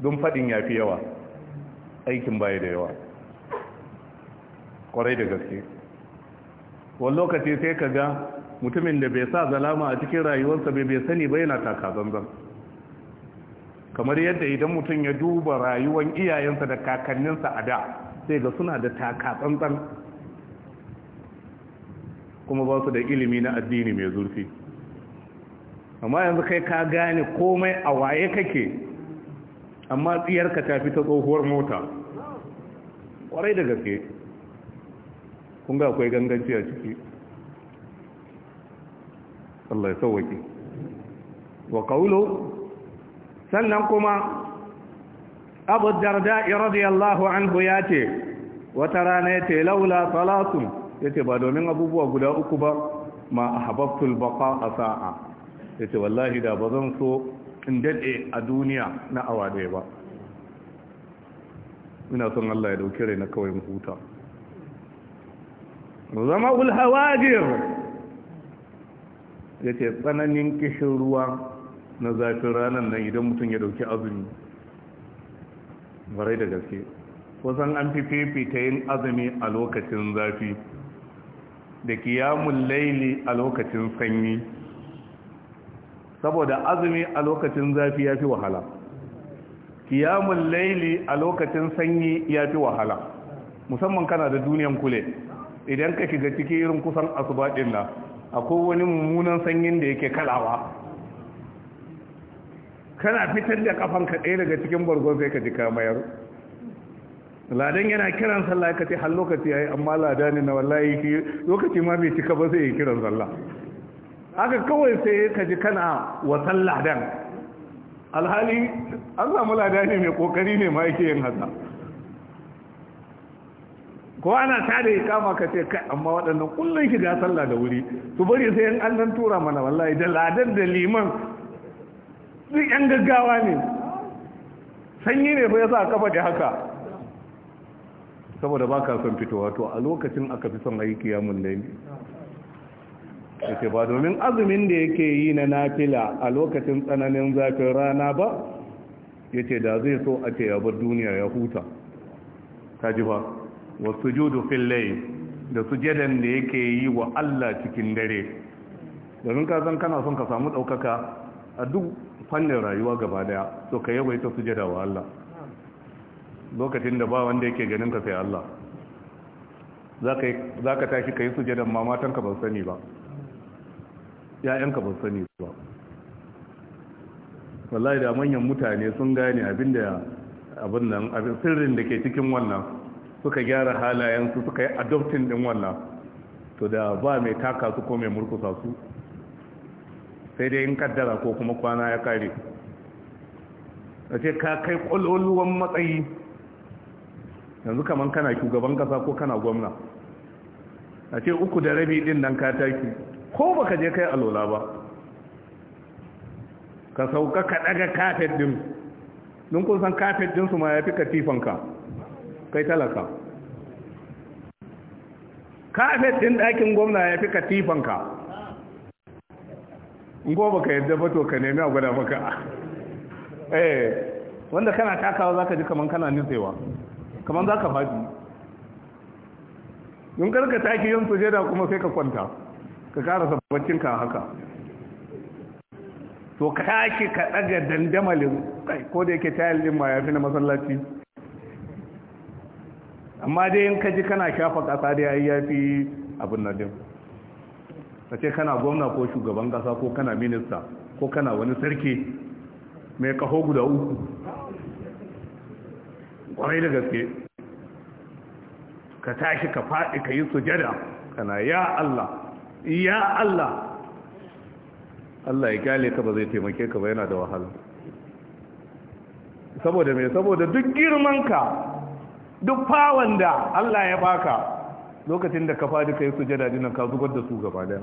don faɗin ya fi yawa aikin baya da yawa kwarai da gaske wani lokaci sai ka ga mutumin da bai sa zalama a cikin rayuwarsa bai bai sani ba yana taka zanzan kamar yadda idan mutum ya duba rayuwar iyayensa da kakanninsa a da sai ga suna da taka tsantsan kuma ba su da ilimi na addini mai zurfi amma yanzu kai ka gane komai a waye kake amma tsiyarka ta fi ta tsohuwar mota kwarai da gaske kun ga akwai ganganci a ciki Allah ya sauwake wa qawlu sannan kuma Abu Darda radiyallahu anhu yace wata rana yace laula salatun yace ba domin abubuwa guda uku ba ma ahbabtul baqa sa'a yace wallahi da bazan so in dade a duniya na awa daya ba ina son Allah ya dauke rai na kawai huta zama ul hawajir ya ce tsananin kishin ruwa na zafin ranar nan idan mutum ya dauki azumi barai da gaske kusan an fi fifita yin azumi a lokacin zafi da kiyamun laili a lokacin sanyi saboda azumi a lokacin zafi ya fi wahala kiyamun laili a lokacin sanyi ya fi wahala musamman kana da duniyan kule idan ka shiga ciki irin kusan asuba ɗin na akwai wani mummunan sanyin da yake kalawa kana fitar da kafanka ɗaya daga cikin bargon sai ka ji kamayar ladan yana kiran sallah ka ce har lokaci yi amma lada ne na wallahi shi lokaci ma bai cika ba sai ya kiran sallah haka kawai sai ka ji kana wasan ladan alhali an samu lada ne mai kokari ne ma yake yin hasa ko ana tada ya kama ka ce kai amma waɗannan kullum shiga sallah da wuri su bari sai yan an tura mana wallahi da ladan da liman duk yan gaggawa ne sanyi ne fa yasa kafa da haka saboda baka son fitowa to a lokacin aka fi son aiki ya mun laili yake ba domin azumin da yake yi na nafila a lokacin tsananin zafin rana ba yace da zai so a ce ya bar duniya ya huta ta ji ba wa sujudu fil layl da sujadan da yake yi wa Allah cikin dare domin ka san kana son ka samu daukaka a duk fannin rayuwa gaba daya to ka yawaita sujada wa Allah lokacin da ba wanda yake ganin ka sai Allah za ka tashi ka yi sujadan ma matanka ban sani ba ‘ya'yanka ban sani ba wallahi da manyan mutane sun gane abin da abin nan abin sirrin da ke cikin wannan suka gyara halayensu suka yi adoptin din wannan to da ba mai taka su ko mai murkusa su sai dai in kaddara ko kuma kwana ya kare a ce ka kai ƙwalwalwan matsayi yanzu kamar kana shugaban kasa ko kana gwamna a ce uku da rabi din nan ka taki ko baka je kai alola ba ka sauka ka daga kafet din don kun san kafet din su ma ya fi katifanka kai talaka kafet ɗin ɗakin gwamna ya fi katifanka ngo ka yadda ba to ka nemi a gwada maka eh wanda kana takawa ka ji kaman kana nutsewa kaman ka faɗi don karka taki yin da kuma sai ka kwanta ka sabbacin ka haka to ka taki ka ɗaga dandamalin ko da yake tayal din ma fi na masallaci amma dai in ka ji kana shafa kasa da yayi yafi abin nan din ka ce kana gwamna ko shugaban kasa ko kana minista ko kana wani sarki mai kaho guda uku kwarai da gaske ka tashi ka faɗi ka yi sujada kana ya Allah ya Allah Allah ya gale ka ba zai taimake ka ba yana da wahala saboda mai saboda duk girman ka. duk fawon da Allah ya baka lokacin da ka fadi kai sujada dinan ka zubar da su gaba da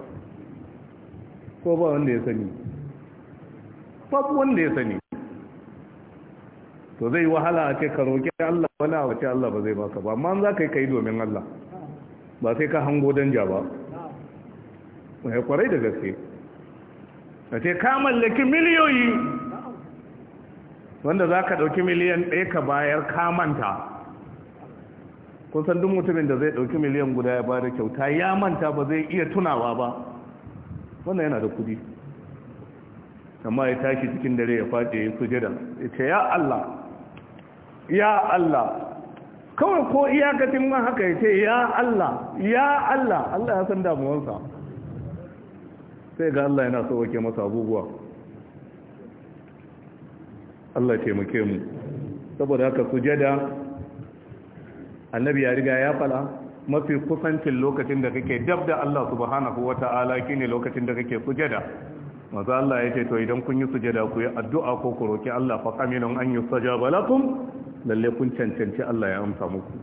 ko ba wanda ya sani babu wanda ya sani to zai wahala a ce ka roƙi Allah wani a wace Allah ba zai baka ba amma za ka yi kai domin Allah ba sai ka hango danja ba mai kwarai da gaske a ce ka mallaki miliyoyi wanda za ka ɗauki miliyan ɗaya ka bayar kamanta kun san duk mutumin da zai dauki miliyan guda ya bada kyauta ya manta ba zai iya tunawa ba wannan yana da kudi amma ya tashi cikin dare ya fadi ya sujada ya ce ya Allah ya Allah kawai ko iyakacin man haka ya ce ya Allah ya Allah Allah ya san damuwarsa sai ga Allah yana so wake masa abubuwa Allah taimake mu saboda haka sujada annabi ya riga ya fala mafi kusancin lokacin da kake dab da Allah subhanahu wata'ala shine lokacin da kake sujada maza Allah ya ce to idan kun yi sujada ku yi addu'a ko ku roki Allah fa qaminun an yusajaba lakum lalle kun cancanci Allah ya amsa muku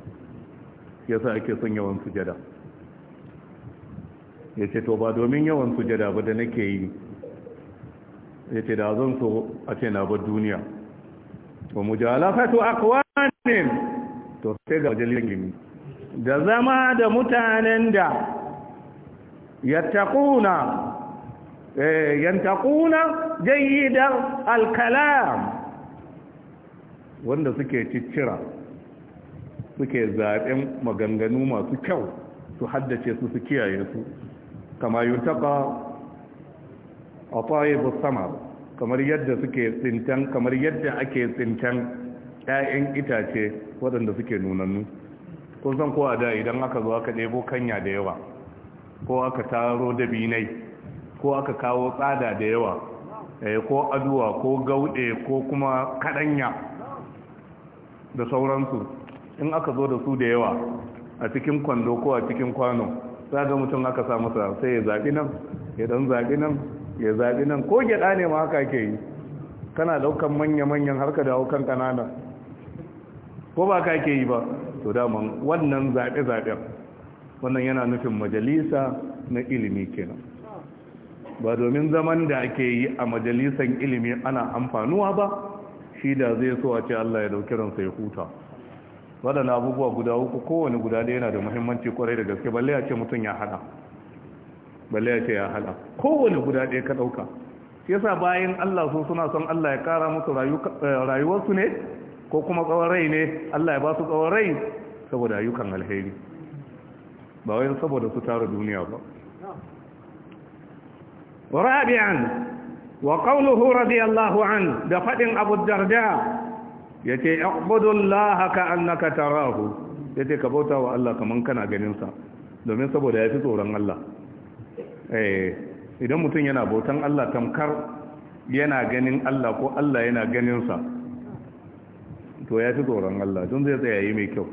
yasa ake son yawan sujada yace to ba domin yawan sujada ba da nake yi yace da zan so a ce na bar duniya wa mujalafatu aqwanin to sai ga wajen lingimi da zama da mutanen da yattaquna eh, yantaquna jayyida alkalam wanda suke ciccira suke zaɓen maganganu masu kyau su haddace su su kiyaye su kama yi taɓa a tsaye sama kamar yadda suke tsintan kamar yadda ake tsintan 'ya'yan itace waɗanda suke nunannu kun san kowa da idan aka zo aka ɗebo kanya da yawa ko aka taro da binai ko aka kawo tsada da yawa eh, ko aduwa ko gauɗe ko kuma kaɗanya da sauransu in aka zo da su da yawa a cikin kwando ko a cikin kwano za ga mutum aka sa masa sai ya zaɓi nan ya ɗan zaɓi nan ya zaɓi nan ko gyaɗa ne ma haka ke yi kana ɗaukan manya-manyan harka da haukan ƙanana ko ba ka ke yi ba to daman wannan zaɓe-zaɓen wannan yana nufin majalisa na ilimi kenan ba domin zaman da ake yi a majalisan ilimi ana amfanuwa ba shi da zai so a ce Allah ya dauki ransa ya huta waɗanda abubuwa guda uku kowane guda da yana da muhimmanci kwarai da gaske balle ya ce mutum ya hada balle ya ce ya hada kowane guda ɗaya ka ɗauka shi yasa bayan Allah su suna son Allah ya kara musu eh, rayuwarsu ne ko kuma tsawon rai ne Allah ya ba su tsawon rai saboda ayyukan alheri ba wai saboda su tara duniya ba rabi'an wa qawluhu radiyallahu an da fadin Abu Darda yace llaha ka annaka tarahu yace ka bauta wa Allah kaman kana ganin sa domin saboda yafi tsoron Allah eh idan mutum yana bautan Allah tamkar yana ganin Allah ko Allah yana ganin sa to ya fi tsoron Allah tun zai tsaye yi mai kyau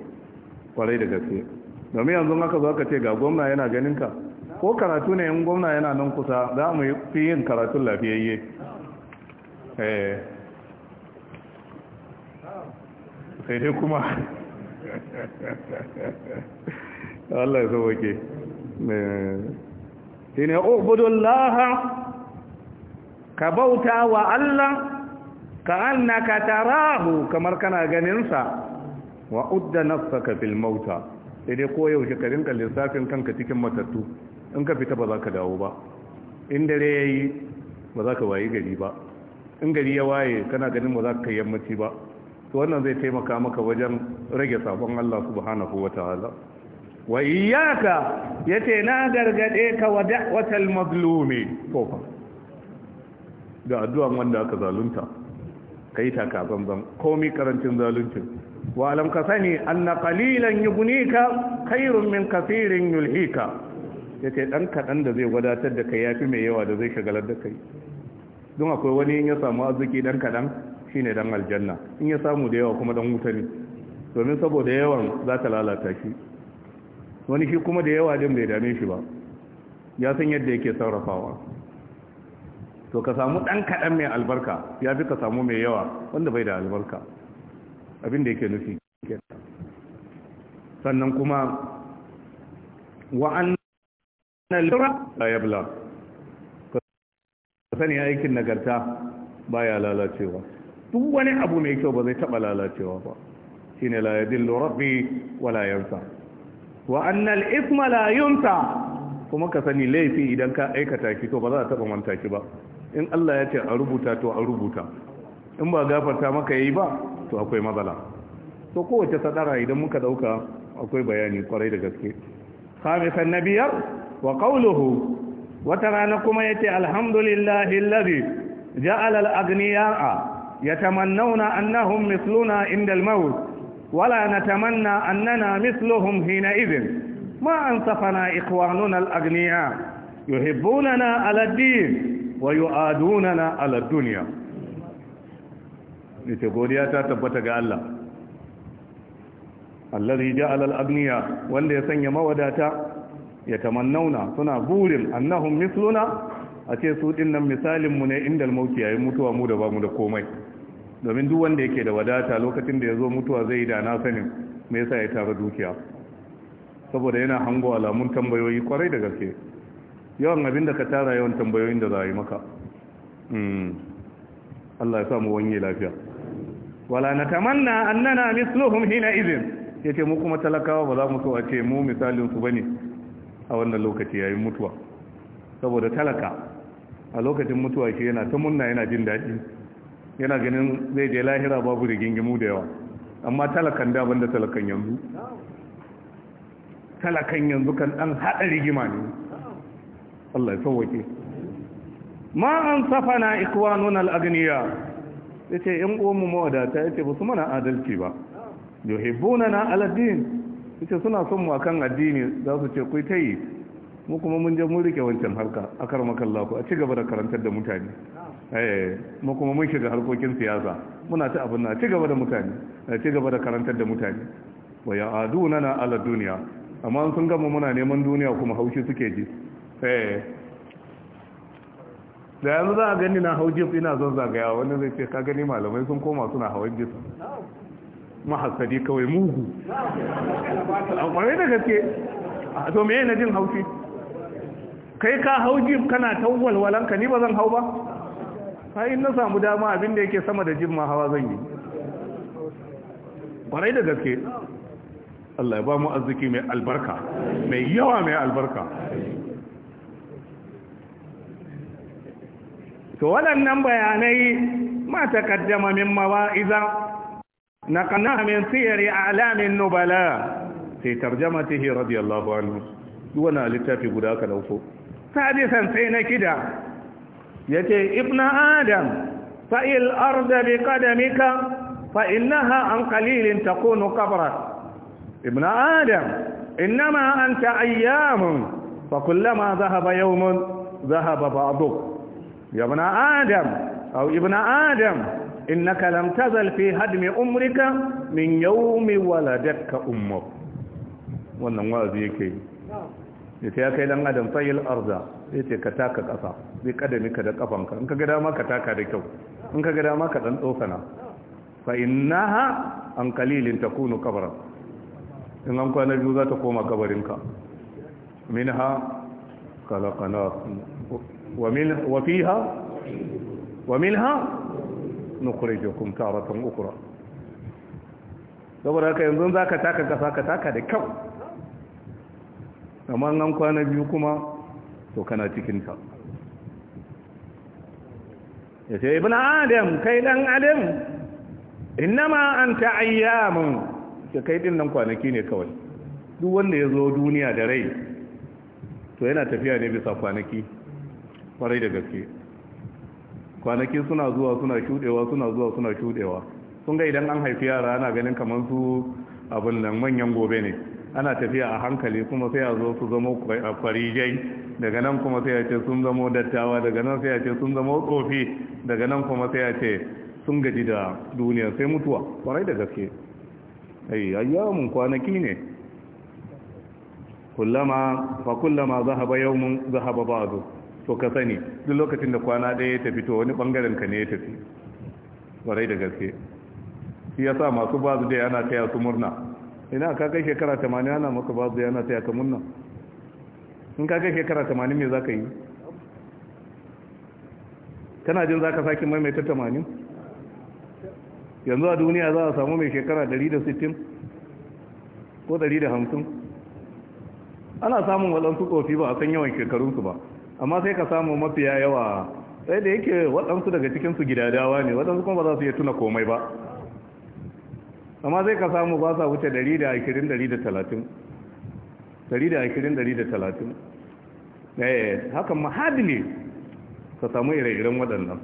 kwarai da gaske domin yanzu aka zo ka ce ga gwamna yana ganin ka ko karatu ne yin gwamna yana nan kusa za mu fi yin karatun lafiyayye eh. sai dai kuma Allah ya sauke eh. shi ne ubudun laha ka bauta wa Allah ka'annaka tarahu kamar kana ganinsa. sa wa udda nafsaka fil mauta sai dai koyaushe ka rinka lissafin kanka cikin matattu in ka fita ba za ka dawo ba in dare ya yi ba za ka wayi gari ba in gari ya waye kana ganin ba za ka yammaci ba to wannan zai taimaka maka wajen rage sabon Allah subhanahu wa ta'ala wa iyyaka yace na gargade ka wa da'watal mazlumi to fa da addu'an wanda aka zalunta ka yi takabanban komi karancin zaluncin walam ka sani anna qalilan yughnika khairun min kathirin yulhika yace dan kadan da zai wadatar da kai yafi mai yawa da zai shagalar da kai don akwai wani in ya samu arziki dan kadan shine dan aljanna in ya samu da yawa kuma dan wuta ne domin saboda yawan za ta lalata shi wani shi kuma da yawa din bai dame shi ba ya san yadda yake sarrafawa to ka samu ɗan kaɗan mai albarka ya fi ka samu mai yawa wanda bai da albarka abin da yake nufi sannan kuma wa'an na lura da bula ka sani aikin nagarta ba ya lalacewa duk wani abu mai kyau ba zai taɓa lalacewa ba shi ne layadin lurabi wala walayensa. wa'an na isma kuma ka sani laifi idan ka aikata shi to ba za a taɓa manta shi ba in Allah ya ce a rubuta to a rubuta in ba gafarta maka yayi ba to akwai matsala to kowace sadara idan muka dauka akwai bayani kwarai da gaske khamisan nabiyar wa qawluhu wata rana kuma yace alhamdulillahi alladhi ja'ala al-aghniya'a yatamannawna annahum misluna inda al-maut wala natamanna annana misluhum hina idhin ma ansafana ikhwanuna al-aghniya yuhibbunana ala ad-din wa yu'adunana ala dunya nace godiya ta tabbata ga Allah allazi ja'ala al-aghniya wanda ya sanya mawadata ya tamannauna suna burin annahum misluna a ce su dinnan misalin mu ne indal mauti yayin mutuwa mu da bamu da komai domin duk wanda yake da wadata lokacin da ya zo mutuwa zai da na sanin me yasa ya tara dukiya saboda yana hango alamun tambayoyi kwarai da gaske yawan abin da ka tara yawan tambayoyin da za a yi maka hmm. Allah ya samu wani lafiya wala na tamanna annana misluhum hina izin yace mu kuma talakawa ba za mu so a ce mu misalin su bane a wannan lokaci yayin mutuwa saboda talaka a lokacin mutuwa shi yana ta munna yana jin daɗi yana ganin zai je lahira babu rigingimu da yawa amma talakan da banda talakan yanzu talakan yanzu kan dan hada rigima ne Allah ya sauwake ma an safana ikwanuna al Ya yace yan uwan mu Ya yace ba su mana adalci ba yuhibbuna na ala din yace suna son mu akan addini za su ce ku tai. mu kuma mun je mun rike wancan harka akar makallahu a ci gaba da karantar da mutane eh mu kuma mun shiga harkokin siyasa muna ta abin na ci gaba da mutane a ci gaba da karantar da mutane wa ya'aduna na ala duniya amma sun gama muna neman duniya kuma haushi suke ji Eh. da yanzu za a gani na hau jif ina zan zagaya wani zai ce ka gani malamai sun koma suna hawan jif mahasadi kawai mugu a kwarai da gaske a to meye na jin haushi kai ka hau jif kana ta ka ni ba zan hau ba Ta yi na samu dama abin da yake sama da jin ma hawa zan yi kwarai da gaske Allah ya ba mu arziki mai albarka mai yawa mai albarka to waɗannan bayanai ma takaddama min mawa'iza na kana min siyari alamin nubala sai tarjamatihi radiyallahu anhu wannan littafi guda ka dauko sadisan sai na kida yace ibnu adam fa il arda bi qadamika fa innaha an qalilin takunu qabra ibnu adam innama anta ayyamun fa kullama dhahaba yawmun dhahaba ba'duk ya ibn adam aw ibn adam innaka lam tazal fi hadmi umrika min yawmi waladatka ummuk wannan wazi yake yace ya kai dan adam fayil arda yace ka taka kafa bi kadamika da kafanka in ka ga dama taka da kyau in ka ga dama ka fa an an kwana biyu za koma kabarinka ومن وفيها ومنها نخرجكم تارة أخرى saboda haka yanzu za ka taka kasa ka taka da kyau amma nan kwana biyu kuma to kana cikinta ya ce ibn adam kai dan adam innama an ta'ayyamun ya kai din nan kwanaki ne kawai duk wanda ya zo duniya da rai to yana tafiya ne bisa kwanaki kwarai da gaske kwanaki suna zuwa suna shudewa suna zuwa suna shudewa sun ga idan an haifi yara ana ganin kamar su abin nan manyan gobe ne ana tafiya a hankali kuma sai a zo su zamo kwarijai daga nan kuma sai a ce sun zamo dattawa daga nan sai a ce sun zamo tsofi daga nan kuma sai a ce sun gaji da duniya sai mutuwa kwarai da gaske ai ayyamun kwanaki ne kullama fa kullama zahaba yawmun zahaba ba'du to ka sani duk lokacin da kwana ɗaya ya tafi to wani ɓangaren ka ne ya tafi warai da gaske shi ya sa masu bazu da yana taya su murna ina ka kai shekara tamanin ana maka bazu yana taya ka murna in ka kai shekara tamanin me za ka yi kana jin za ka sake maimaita tamanin yanzu a duniya za a samu mai shekara 160 ko 150 ana samun waɗansu tsofi ba a san yawan shekarunsu ba amma sai ka samu mafiya yawa sai da yake waɗansu daga cikinsu gidadawa ne waɗansu kuma ba za su iya tuna komai ba amma sai ka samu ba sa wuce 120-130 eh hakan mahadi ne ka samu ire-iren waɗannan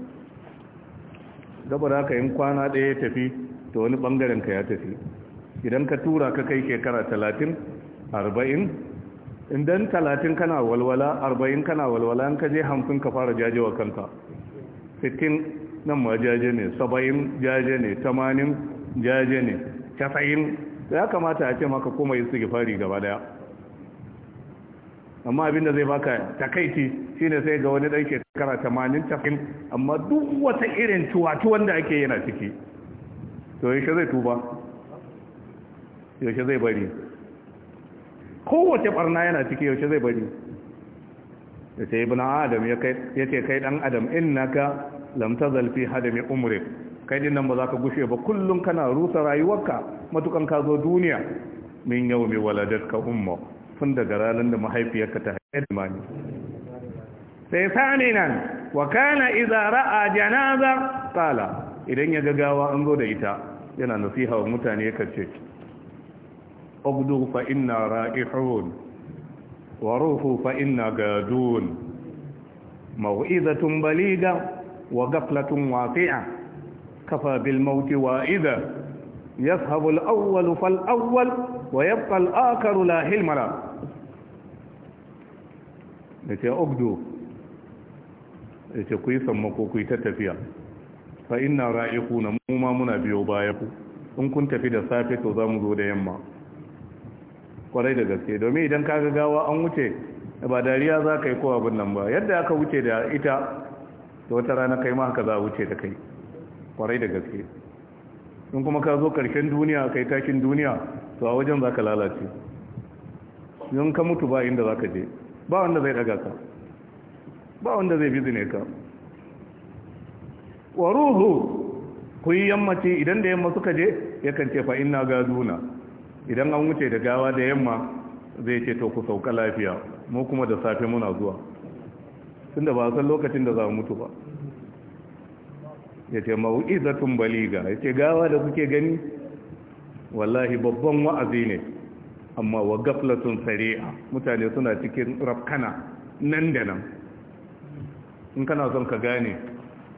dabara ka yin kwana ɗaya ya tafi to wani ɓangaren ka ya tafi idan ka tura ka kai shekara talatin arba'in idan talatin kana walwala arba'in kana walwala in ka je hamsin ka fara jajewa kanta sittin nan ma jaje ne saba'in jaje ne tamanin jaje ne casa'in ya kamata a ce maka koma yi fari gaba daya amma abinda zai baka takaiti shine sai ga wani ɗan shekara tamanin casa'in amma duk wata irin tuwatu wanda ake yana ciki to yaushe zai tuba yaushe zai bari kowace barna yana ciki yaushe zai bari da ce ibn adam ya ce kai dan adam innaka lamta zalfi hada mai umri kai din nan ba za ka gushe ba kullum kana rusa rayuwarka matukan ka zo duniya min waladar ka umma tun daga ranar da mahaifiyarka ta haife da mani sai sani nan wa kana izara ra'a janaza tsala. idan ya gagawa an zo da ita yana nasiha wa mutane ya kace اغدوا فإنا رائحون وروحوا فإنا قادون موئذة بليغة وقفلة واقعة كفى بالموت وائذة يذهب الأول فالأول ويبقى الآخر لا حلم له لكي أقدو لكي كويسا مكوكي تتفيا فإنا رائحون مما منا بيوبايكو إن كنت في دسافة تزامدو يمّا kwarai da gaske domin idan ka gawa an wuce ba dariya za ka yi kowa bin nan ba yadda aka wuce da ita da wata rana kai ma haka za a wuce da kai kwarai da gaske in kuma ka zo karshen duniya kai takin duniya to a wajen za ka lalace yin ka mutu ba inda za ka je ba wanda zai daga ka ba wanda zai ne ka wa ruhu ku yi yammaci idan da yamma suka je yakan ce fa ga gaduna idan an wuce da gawa da yamma zai ce to ku sauka lafiya mu kuma da safe muna zuwa tunda ba san lokacin da za mu mutu ba ya ce bali baliga ya ce gawa da kuke gani wallahi babban wa'azi ne amma wa gaflatun sari'a mutane suna cikin rafkana nan da nan in kana son ka gane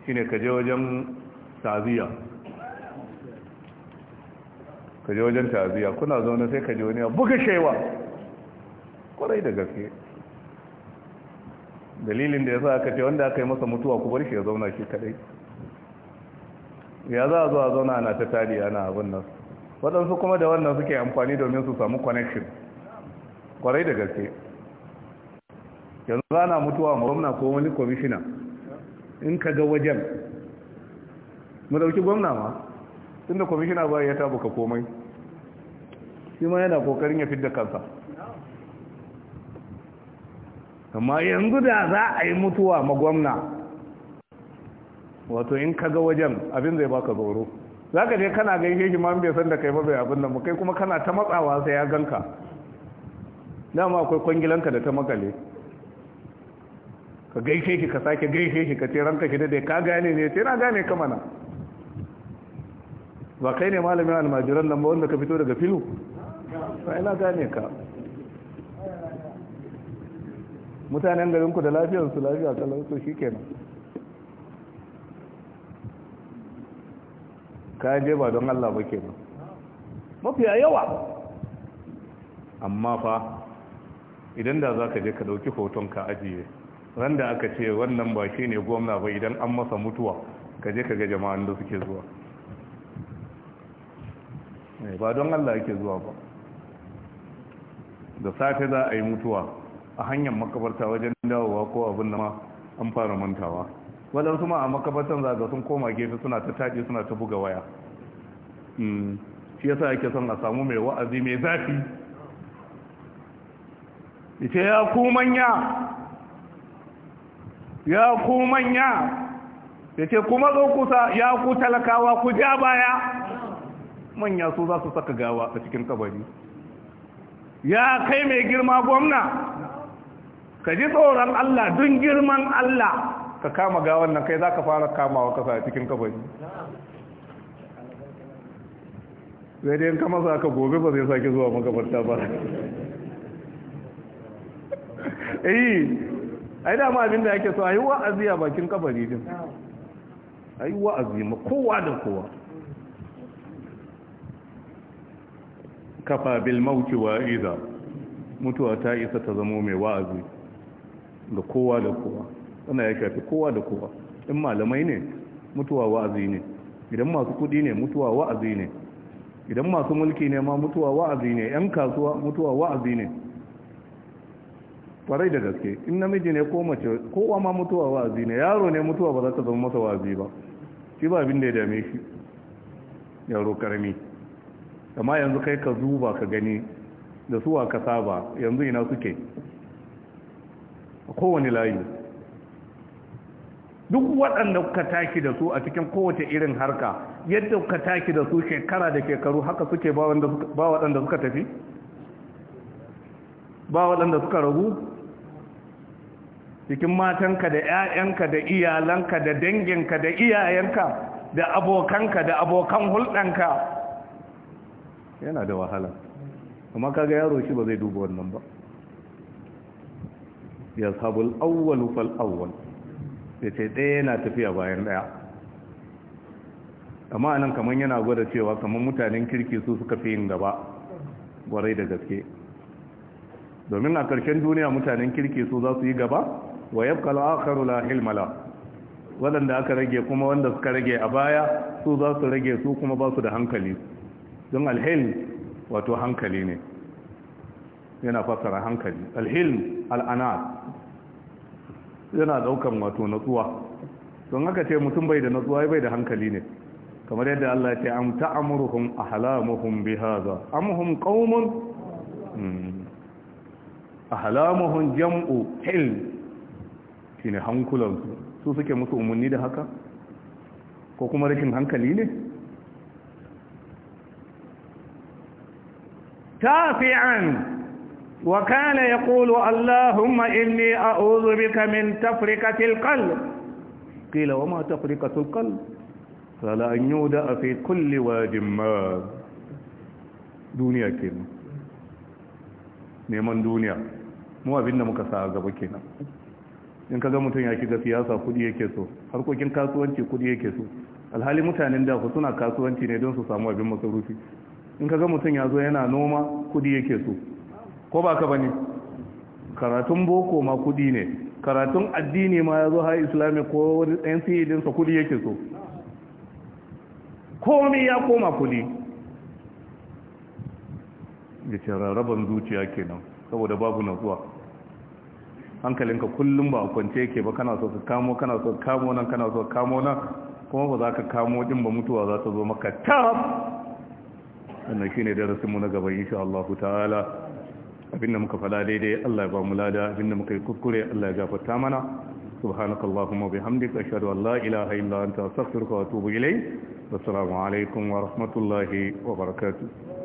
shine ka je wajen taziya ka je wajen taziya kuna zaune sai ka je wani buga shewa kwarai da gaske dalilin da ya sa aka ce wanda aka yi masa mutuwa ku bar shi ya zauna shi kadai ya za a zo a zauna ana ta tari ana abin nan waɗansu kuma da wannan suke amfani domin su samu connection kwarai da gaske yanzu za na mutuwa ma gwamna ko wani kwamishina in ka ga wajen mu dauki gwamna ma tunda kwamishina ba ya tabuka komai shi ma yana kokarin ya fidda kansa amma yanzu da za a yi mutuwa ma gwamna wato in kaga wajen abin zai baka zoro za ka je kana gaishe shi ma bai san da kai mabai abin nan kai kuma kana ta matsawa sai ya ganka dama akwai kwangilanka da ta makale ka gaishe shi ka sake gaishe shi ka ce ranka shi da dai ka gane ne ce na gane kama na ba kai ne malamin almajiran nan ba wanda ka fito daga filu ba ina gane ka mutanen garinku da lafiyarsu lafiya talautu shi ke nan. ka je ba don Allah ba ke nan mafiya yawa amma fa idan da za ka je ka ɗauki hoton ka ajiye randa da aka ce wannan ba shi ne gwamna ba idan an masa mutuwa ka je ka ga jama'an da suke zuwa ba don Allah yake zuwa ba da safe za a yi mutuwa a hanyar makabarta wajen dawowa ko abin da ma an fara mantawa waɗansu ma a makabartan zaga sun koma gefe suna ta taƙi suna ta buga waya hmm, shi yasa yake son a samu mai wa'azi mai zafi ita ya ku manya ya ku manya ya ce kuma zo kusa ya ku talakawa ku ja baya manya su za su saka gawa a cikin kabari ya kai mai girma gwamna ka ji tsoron Allah don girman Allah ka kama gawan nan kai za ka fara kamawa kasa a cikin kabari zai dai kama za ka gobe ba zai sake zuwa magabarta ba eyi eh, ai dama abinda yake so a yi wa'azi a bakin kabari din a yi wa'azi ma kowa da kowa kafa bil mauti wa iza mutuwa ta isa ta zamo mai wa'azi ga kowa da kowa ana ya shafi kowa da kowa in malamai ne mutuwa wa'azi ne idan masu kudi ne mutuwa wa'azi ne idan masu mulki ne ma mutuwa wa'azi ne yan kasuwa mutuwa wa'azi ne farai da gaske in namiji ne ko mace kowa ma mutuwa wa'azi ne yaro ne mutuwa ba za ta zama masa wa'azi ba shi ba abin da ya dame shi yaro karami amma yanzu kai ka zuba ka gani da suwa ka saba yanzu ina suke a kowane layi duk waɗanda ka taki da su a cikin kowace irin harka yadda ka taki da su shekara da shekaru haka suke ba waɗanda suka tafi ba waɗanda suka ragu cikin matanka da 'ya'yanka da iyalanka da danginka da iyayenka da abokanka da abokan hulɗanka yana da wahala amma kaga yaro shi ba zai duba wannan ba ya sabul awwalu fal awwal sai ɗaya yana tafiya bayan ɗaya amma anan kaman yana gwada cewa kaman mutanen kirki su suka fi yin gaba gwarai da gaske domin a karshen duniya mutanen kirki su za su yi gaba wa yabqa al-akharu la hilmala waɗanda aka rage kuma wanda suka rage a baya su za su rage su kuma ba su da hankali don alhilm wato hankali ne yana fassara hankali alhilm al'ana yana daukan wato natsuwa don haka ce mutum bai da natsuwa bai da hankali ne kamar yadda Allah ce am ta'amuruhum ahlamuhum bihaza amhum qaumun hmm. ahlamuhum jam'u hil shine hankulansu su suke musu umarni da haka ko kuma rashin hankali ne تافعا وكان يقول اللهم إني أعوذ بك من تفرقة القلب قيل وما تفرقة القلب قال أن يودأ في كل واد ما دنيا كنا neman duniya mu abin da muka sa gaba kenan in kaga mutum ya shiga siyasa kudi yake so harkokin kasuwanci kudi yake so alhali mutanen da ku suna kasuwanci ne don su samu abin masarufi in ka ga mutum ya zo yana noma kudi yake so ko ba ka bane karatun boko ma kudi ne karatun addini ma ya zo har islami ko wani ɗan sihidinsa e kudi yake so komi ya koma kudi Ya ce rarraban zuciya kenan saboda babu natsuwa hankalinka kullum ba a kwance yake ba kana so ka kamo kana so ka kamo nan kana so ka kamo nan kuma ba za ka kamo din ba mutuwa za ta zo maka tab wannan shine darasin darasinmu na gaba insha Allah ta'ala abinda muka fada daidai Allah ya ba mu lada abinda muka yi kuskure Allah ya gafarta mana subhanakallahumma bihamdika ashhadu an la ilaha illa anta astaghfiruka wa atubu ilayk wassalamu alaikum wa rahmatullahi wa barakatuh